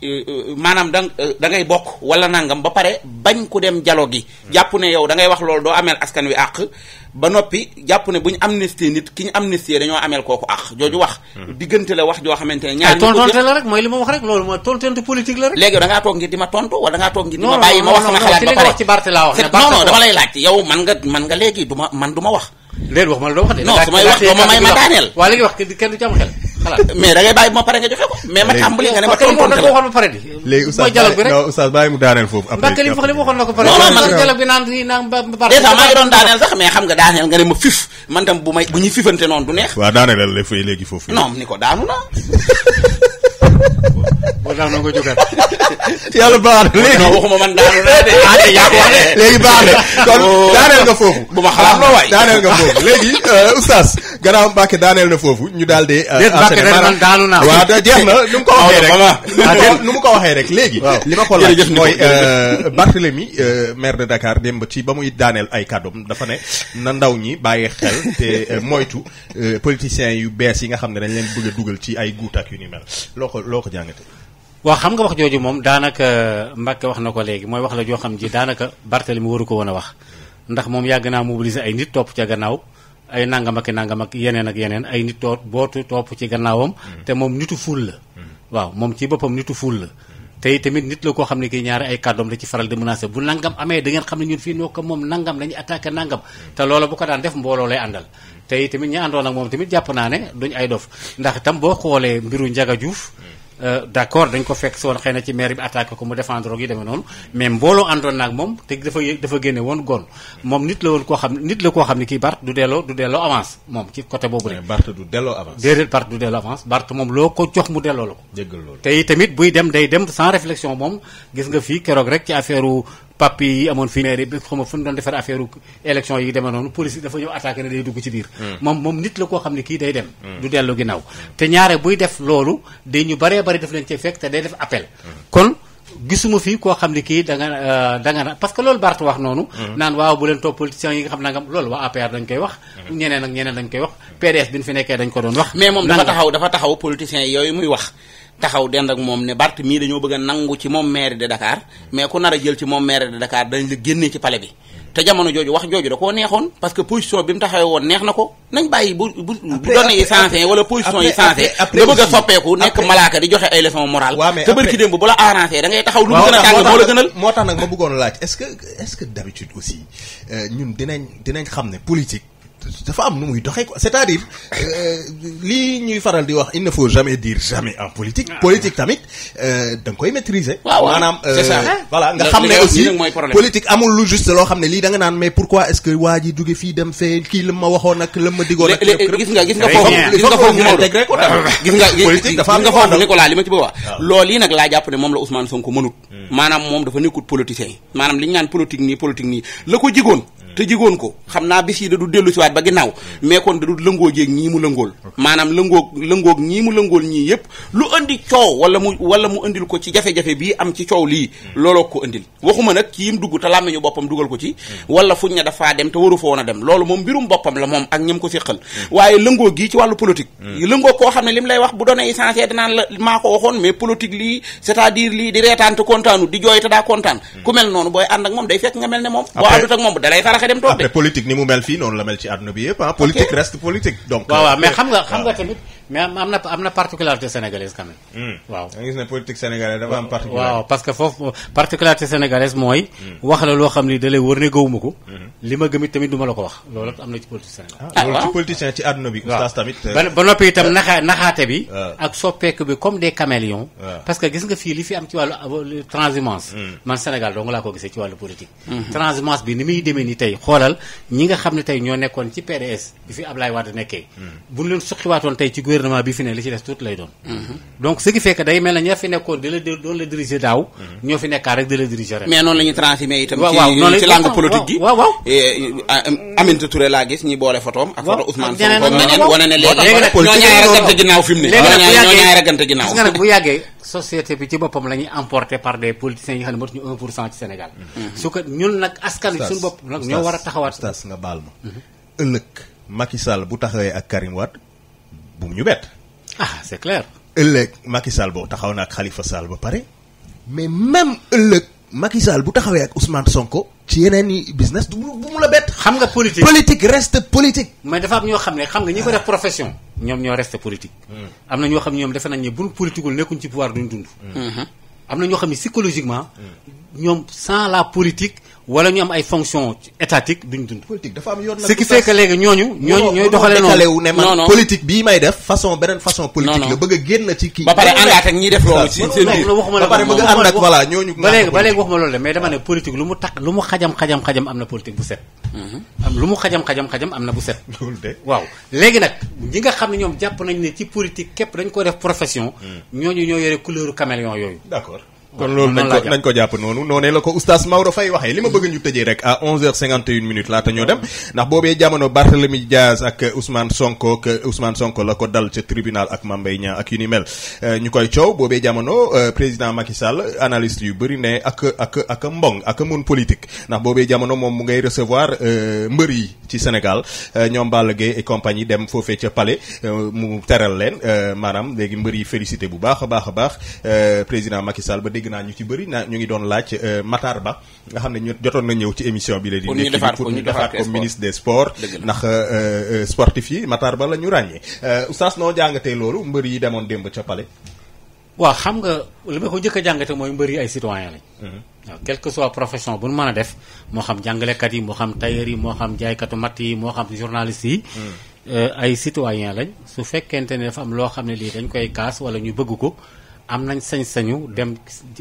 maanaam da da ngay bokk wala nangam ba pare bañ ku dem dialogue gi. Hmm. jàpp ne yow da ngay wax loolu doo ameel askan wi àq ba noppi jàpp ne bu ñu amnistie nit ki ñu dañoo ameel kooku àq jooju wax. Hmm. diggante la wax joo xamante ne. ñaar ñu di ma tontu wala da toog ngir di ma bàyyi ma wax sama xalaat ba pare non non dama lay laaj yow man nga man nga léegi du ma man du ma wax déet waxuma la doo wax de. su may wax doo ma may ma daaneel. waaw li nga wax kenn du ci am xel xalaat. <laughs> mais da ngay bàyyi ba pare nga joxe ko. mais ma tàmbali nga ne ma tontu mu wax na ko pare. non non man dialogue bi naan yi naan ba ba. dèjà maa ngi doon daaneel sax mais xam nga daaneel nga ne ma fif man tam bu may bu ñuy fifante noonu du neex. waaw daaneel la léegi foofu. non ni ko daanu na <laughs> daal na oh, nga ko jógaat. yàlla léegi non ma xalaat loo waay daaneel nga euh, gannaaw Mbacke daaneel na foofu ñu daal di. Euh, enchaîner maanaam daanu naa. waaw da jeex na nu mu ko waxee rek waaw nu mu ko waxee rek léegi. li ma ko laaj mooy euh, Barthélemy maire de Dakar démb ci ba muy daaneel ay kàddoom dafa ne na ndaw ñi bàyyi xel te moytu politiciens yu bees yi nga xam ne dañ leen bëgg a dugal ci ay guut ak yu ni mel loo ko loo ko jàngate waa xam nga wax jooju moom daanaka euh, Mbacke wax na ko léegi mooy wax la joo xam ji daanaka Barthélemy waru ko woon wax ndax moom yàgg naa mobiliser ay nit topp ca gannaaw ay nangam yeneen ak yeneen ay nit too bootu topp ci gannaawam hmm. te moom nitu fuul la hmm. waaw moom ci boppam nitu fuul la hmm. tey tamit nit koo xam ne kii ñaari ay kàddoom la ci faral di menacer bu nangam amee da ngeen xam ñun fii noo moom nangam la ñuy nangam te loola bu ko daan def mbooloo lay àndal tey tamit ñi àndoon ak moom tamit jàpp naa ne duñ ay dof ndax itam boo xoolee mbiru Njaga Juuf Euh, d' accord dañ ko fekk si woon xëy na ci maire bi attaqué ko mu défendre ak yi demee noonu mais mbooloo àndoon naag moom te dafa dafa génne woon gon moom nit la woon koo xam nit la koo xam ne kii Bart du delloo du delloo avance moom ci côté boobu rek. Bart du delloo avance. déedéet moom loo ko jox mu delloo la ko. dégg loolu te tamit buy dem day dem sans réflexion moom gis nga fii keroog rek ci affaire papier yi amoon fii maire bi xam fu ñu doon defar affaire élection yi demee noonu police dafa ñëw attaqué ne day dugg ci biir hmm. moom moom nit la koo xam ne kii day dem parce que loolu Barth wax noonu hmm. naan waaw bu leen topp politiciens yi nga xam nangam loolu waa APR dañ koy wax hmm. ñeneen ak ñeneen dañ koy wax PDS bi ñu fi nekkee dañ ko doon wax mais moom dafa taxaw dafa taxaw politiciens yooyu muy wax taxaw dend ak moom ne Bart mii dañoo bëgg a nangu ci moom maire de Dakar mais ku nar a jël ci moom maire de Dakar dañ la génnee ci palais bi te jamono jooju wax jooju da koo neexoon parce que position bi mu taxawee woon neex na ko nañ bàyyi bu bu donné yi sensé wala position yi sensé nga bëgg a soppeeku nekk malaaka di joxe ay leçon morale te bëri ki démb bu la arrangé da ngay taxaw lu mu gën a tàng moo la gënal moo tax nag ma bëggoon laaj est est-ce euh, dinañ xam ne politique dafa am nu muy doxee quoi c'est-à-dire euh, lii ñuy faral di wax il ne faut jamais dire jamais en politique. Ah. politique tamit euh, da nga koy maîtriser. waaw maanaam euh, nga xam ne aussi politique amul lu juste loo xam ne lii da nga naan mais pourquoi est-ce que waa ji jóge li ma ci bëgg a wax. loolu yi nag laa jàpp ne moom la Ousmane Sonko mënut. Hmm. maanaam moom dafa nekkut politicien maanaam li ñu naan nii politique nii la ko jigoon te jigoon ko xam naa bis yi da du dellu si waat ba ginnaaw mais kon da du lëngoo ñii mu lëngool maanaam lëngoog lëngoog ñii mu lëngool ñii yëpp lu indi coow wala mu wala mu ko ci jafe-jafe bii am ci coow lii hmm. looloo ko indil waxuma nag kii dugg te làmmiñu boppam dugal ko ci hmm. wala fuñ ne dafaa dem te waru fa woon a dem loolu moom mbirum boppam la moom ak ñam ko séqal hmm. waaye lëngoo gii ci wàllu politique lëngoo koo xam ne li mu lay wax bu doonee essentiel dinaan la maa ko waxoon mais politique lii c'est-à-dire lii di neexee dem ni mu mel fii noonu la mel ci àdduna bi yëpp ah politique reste politique donc waaw waaw euh, mais xam nga xam nga tamit mais am na am na particularité sénégalaise quand hmm. waaw am. particularité waaw parce que foofu particularité sénégalaise mooy. Hmm. wax la loo xam ni da wër ne gëwuma ko. Hmm. li ma gëmit tamit du ma la ko wax loolu am na ci politique sénégalaise. ah loolu ah, ci politicien ci àdduna bi. Euh, ba noppi itam euh, naxaate bi. ak soppeeku bi comme des caméléons. parce que gis nga fii li fi am ci wàllu euh, transhumance. man Sénégal dong laa ko gisee ci wàllu politique. transhumance bi ni muy demee ni tey xoolal ñi nga xam ne tey ñoo nekkoon ci PDS bi fi Ablaye Wade gouvernement bi fi ne li ci des tuuti lay doon. Mhm. donc ce qui fait que day mel ne ña fi nekkoon di nag ñoo ñaari ragante ginnaaw fi mu léegi nag bu yàggee société bi ci boppam la ñuy par des politiciens yi xam ne matuñu 1 Sénégal. Mhm. su ko ñun nag askan wi bopp nag ñoo war a taxawaat. stas nga baal ma mhm. ëllëg Macky bu taxawee ak Karim Wade bu mu ñu bett. ah c'est clair. ëllëg Macky Sall boo taxaw naa ak Khalifa Sall ba pare mais même ëllëg Macky Sall bu taxawee ak Ousmane Sonko. ci yeneen i business du bu mu la bett. xam nga politique politique reste politique. mais dafa am ñoo xam ne xam nga ñi ko def profession. ñoom ñoo reste politique. Hmm. am na ñoo xam ne ñoom defe nañ ne buñ politiqueul nekkuñ ci pouvoir duñ dund. Hmm. am na ñoo xam ne psychologiquement. ñoom sans la politique. wala ñu am ay fonctions étatiques duñ dund. politique dafa am yoon ce qui fait que léegi ñooñu. ñooñu ñooy doxalee noonu non non politique bii may def façon beneen façon. politique la bëgg a ci kii. ba pare àndaat ak def loolu ci seen biir ba pare bëgg ànd ak voilà ñooñu. ba léegi ba léegi loolu de mais dama ne politique lu mu takk lu mu xajam xajam xajam am na politique bu set. lu mu xajam xajam xajam am na bu set. <laughs> loolu waaw léegi nag ñi nga xam ne ñoom jàpp nañ ne ci politique képp dañ ko def profession. Hmm. ñooñu ñoo yore couleur caméléon yooyu d'accord kon loolu nañ ko nañ ko jàpp noonu noonee la ko oustaz Maodo Faye waxee li ma bëgg ñu tëjee rek à 11h51 minutes laata ñoo dem ndax boobee jamono Barthélemy Diaz ak Ousmane Sonko ak Ousmane Sonko la ko dal ca tribunal ak Mame Mbaye ak yu ni mel euh, ñu koy coow boobee jamono euh, président Macky Sall analyste yu bëri ne ak ak ak mbong ak mun politique ndax boobee jamono moom mu ngay recevoir euh, mbër yi ci Sénégal ñoom Balla Gaye et compagnie dem foofee ca palais mu teral leen maanaam léegi mbër yi félicité bu baax a baax a baax président Macky Sall ba dégg dégg naa ñu ci bëri naa ñu ngi doon laaj euh, Matar Ba nga xam ne ñu jotoon na ñëw ci émission bi la di pour ñu defaat ko ministre des sports ndax euh, euh, sportif yi Matar Ba la ràññee oustaz noo jàngatee loolu mbër yi demoon démb ca Palais waaw xam nga li ma ko njëkk a jàngate mooy mbër yi ay citoyen lañ mhm. waaw quelle que soit profession bu ñu mën a def moo xam jàngalekat yi moo xam tailleur yi moo xam jaaykatu matt yi moo xam journaliste yi mhm. ay citoyen lañ su fekkente ne dafa am loo xam ne lii dañ koy am nañ sañ-sañu dem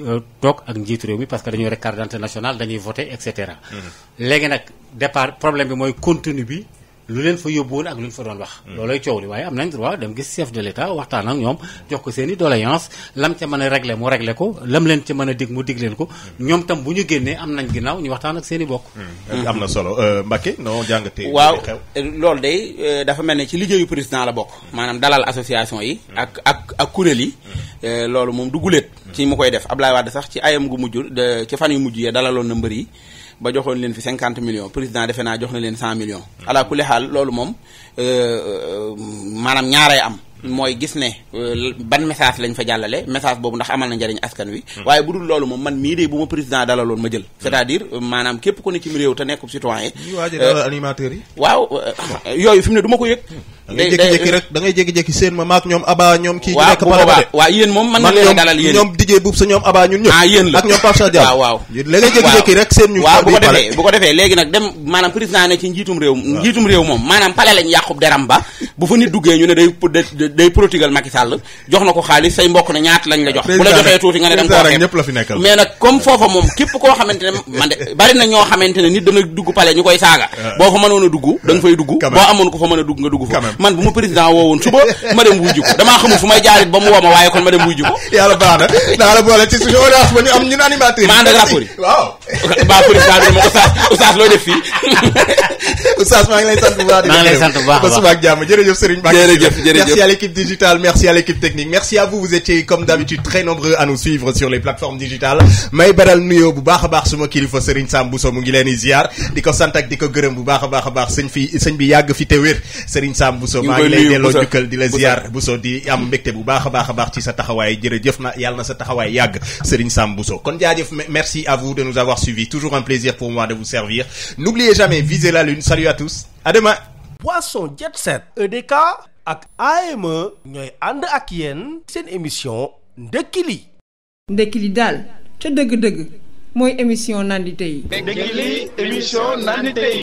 euh, toog ak njiitu réew mi parce que dañuy rek carte d'identité dañuy voté et cetera. Mm-hmm. léegi nag départ problème bi mooy contenu bi. lu leen fa yóbbuwoon ak lu leen fa doon wax. Mm. loolooy coow li waaye am nañ droit dem gis chef de l'état waxtaan ak ñoom jox ko seeni i doléance lam ca mën a régler mu régler ko lam leen ca mën a dig mu dig leen ko. Mm. ñoom tam bu ñu génnee am nañ ginnaaw ñu waxtaan ak seen bokk. Mm. am na solo euh, Mbacke noo jàngatee. waaw loolu de euh, dafa mel ne ci liggéeyu président la bokk. maanaam dalal association yi. ak ak ak kuréel yi. Euh, loolu moom du guléet. ci mu koy def ab Ablaye Wade sax ci ayam gu mujj ci fan yu mujj yee dalaloon na mbër yi. ba joxoon leen fi 50 millions président defe naa jox na leen 100 millions. ala kulli xaal loolu moom euh, euh, maanaam ñaaray am. mooy gis ne euh, ban message lañ fa jàllale message boobu ndax amal na njariñ askan wi hmm. waaye bu dul loolu moom man mii de bu ma président dalaloon ma jël c'est-à-dire maanaam képp ku ne ci réew te nekkub citoyen animateur yi waaw yooyu fi ne duma ko yëg da ngay jékki rek da ngay jékki-jékki seen ma maak ñoom abaa ñoom kii ñu nekk paraba waaw yéen moom mën bu ko defee léegi nag dem maanaam président ne ci njiitum réew njiitum réew moom maanaam pale lañ yàqub deram ba bu fa nit jox na ko xaalis say mbokk ne ñaat lañ la jox bu la joxee tuuti nga ne dem koo ñëpp la fi nekkal mais xamante ne man de bari na ñoo xamante ne nit dana dugg pale ñu koy saaga euh. boo fa mënoon a dugg da fay dugg boo amoon ko fa mën a dugg nga dugg fa man bu ma président woo woon suba ma dem wujju ko damaa xamul fu may jaarit ba mu woo ma waaye kon ma dem wujju ko yàlla baax na naa la boole ci suñu audience ba ñu am ñun animateur ma ànd ak rapport waaw ba président bi ma oustaz oustaz looy def fii <laughs> oustaz maa ngi sant bu baax maa ngi lay sant bu ba suba ak jàmm jërëjëf Serigne Mbacke jërëjëf jërëjëf merci à l'équipe digitale merci à l'équipe technique merci à vous vous étiez comme d'habitude très nombreux à nous suivre sur les plateformes digitales may baral a baax suma kilifa Serigne Sam Bousso mu ngi leen di ziar di ko sant ak di ko gërëm bu baax a baax a baax sëñ fi sëñ bi yàgg fi te wér Serigne Sam Bousso maa ngi lay delloo njukkal di la ziar Bousso di am mbégte bu baax a baax a baax ci sa taxawaay jërëjëf na yàlla na sa taxawaay yàgg Serigne Sam Bousso kon jaajëf merci à vous de nous avoir suivis toujours un plaisir pour moi de vous servir n'oubliez jamais visez la lune salut à tous à demain Boisson Jet Set EDK ak AME ñooy ànd ak yéen seen émission ndekki li ndekki li daal ca dëgg-dëgg mooy émission nandite yi ndekki li émission nandite yi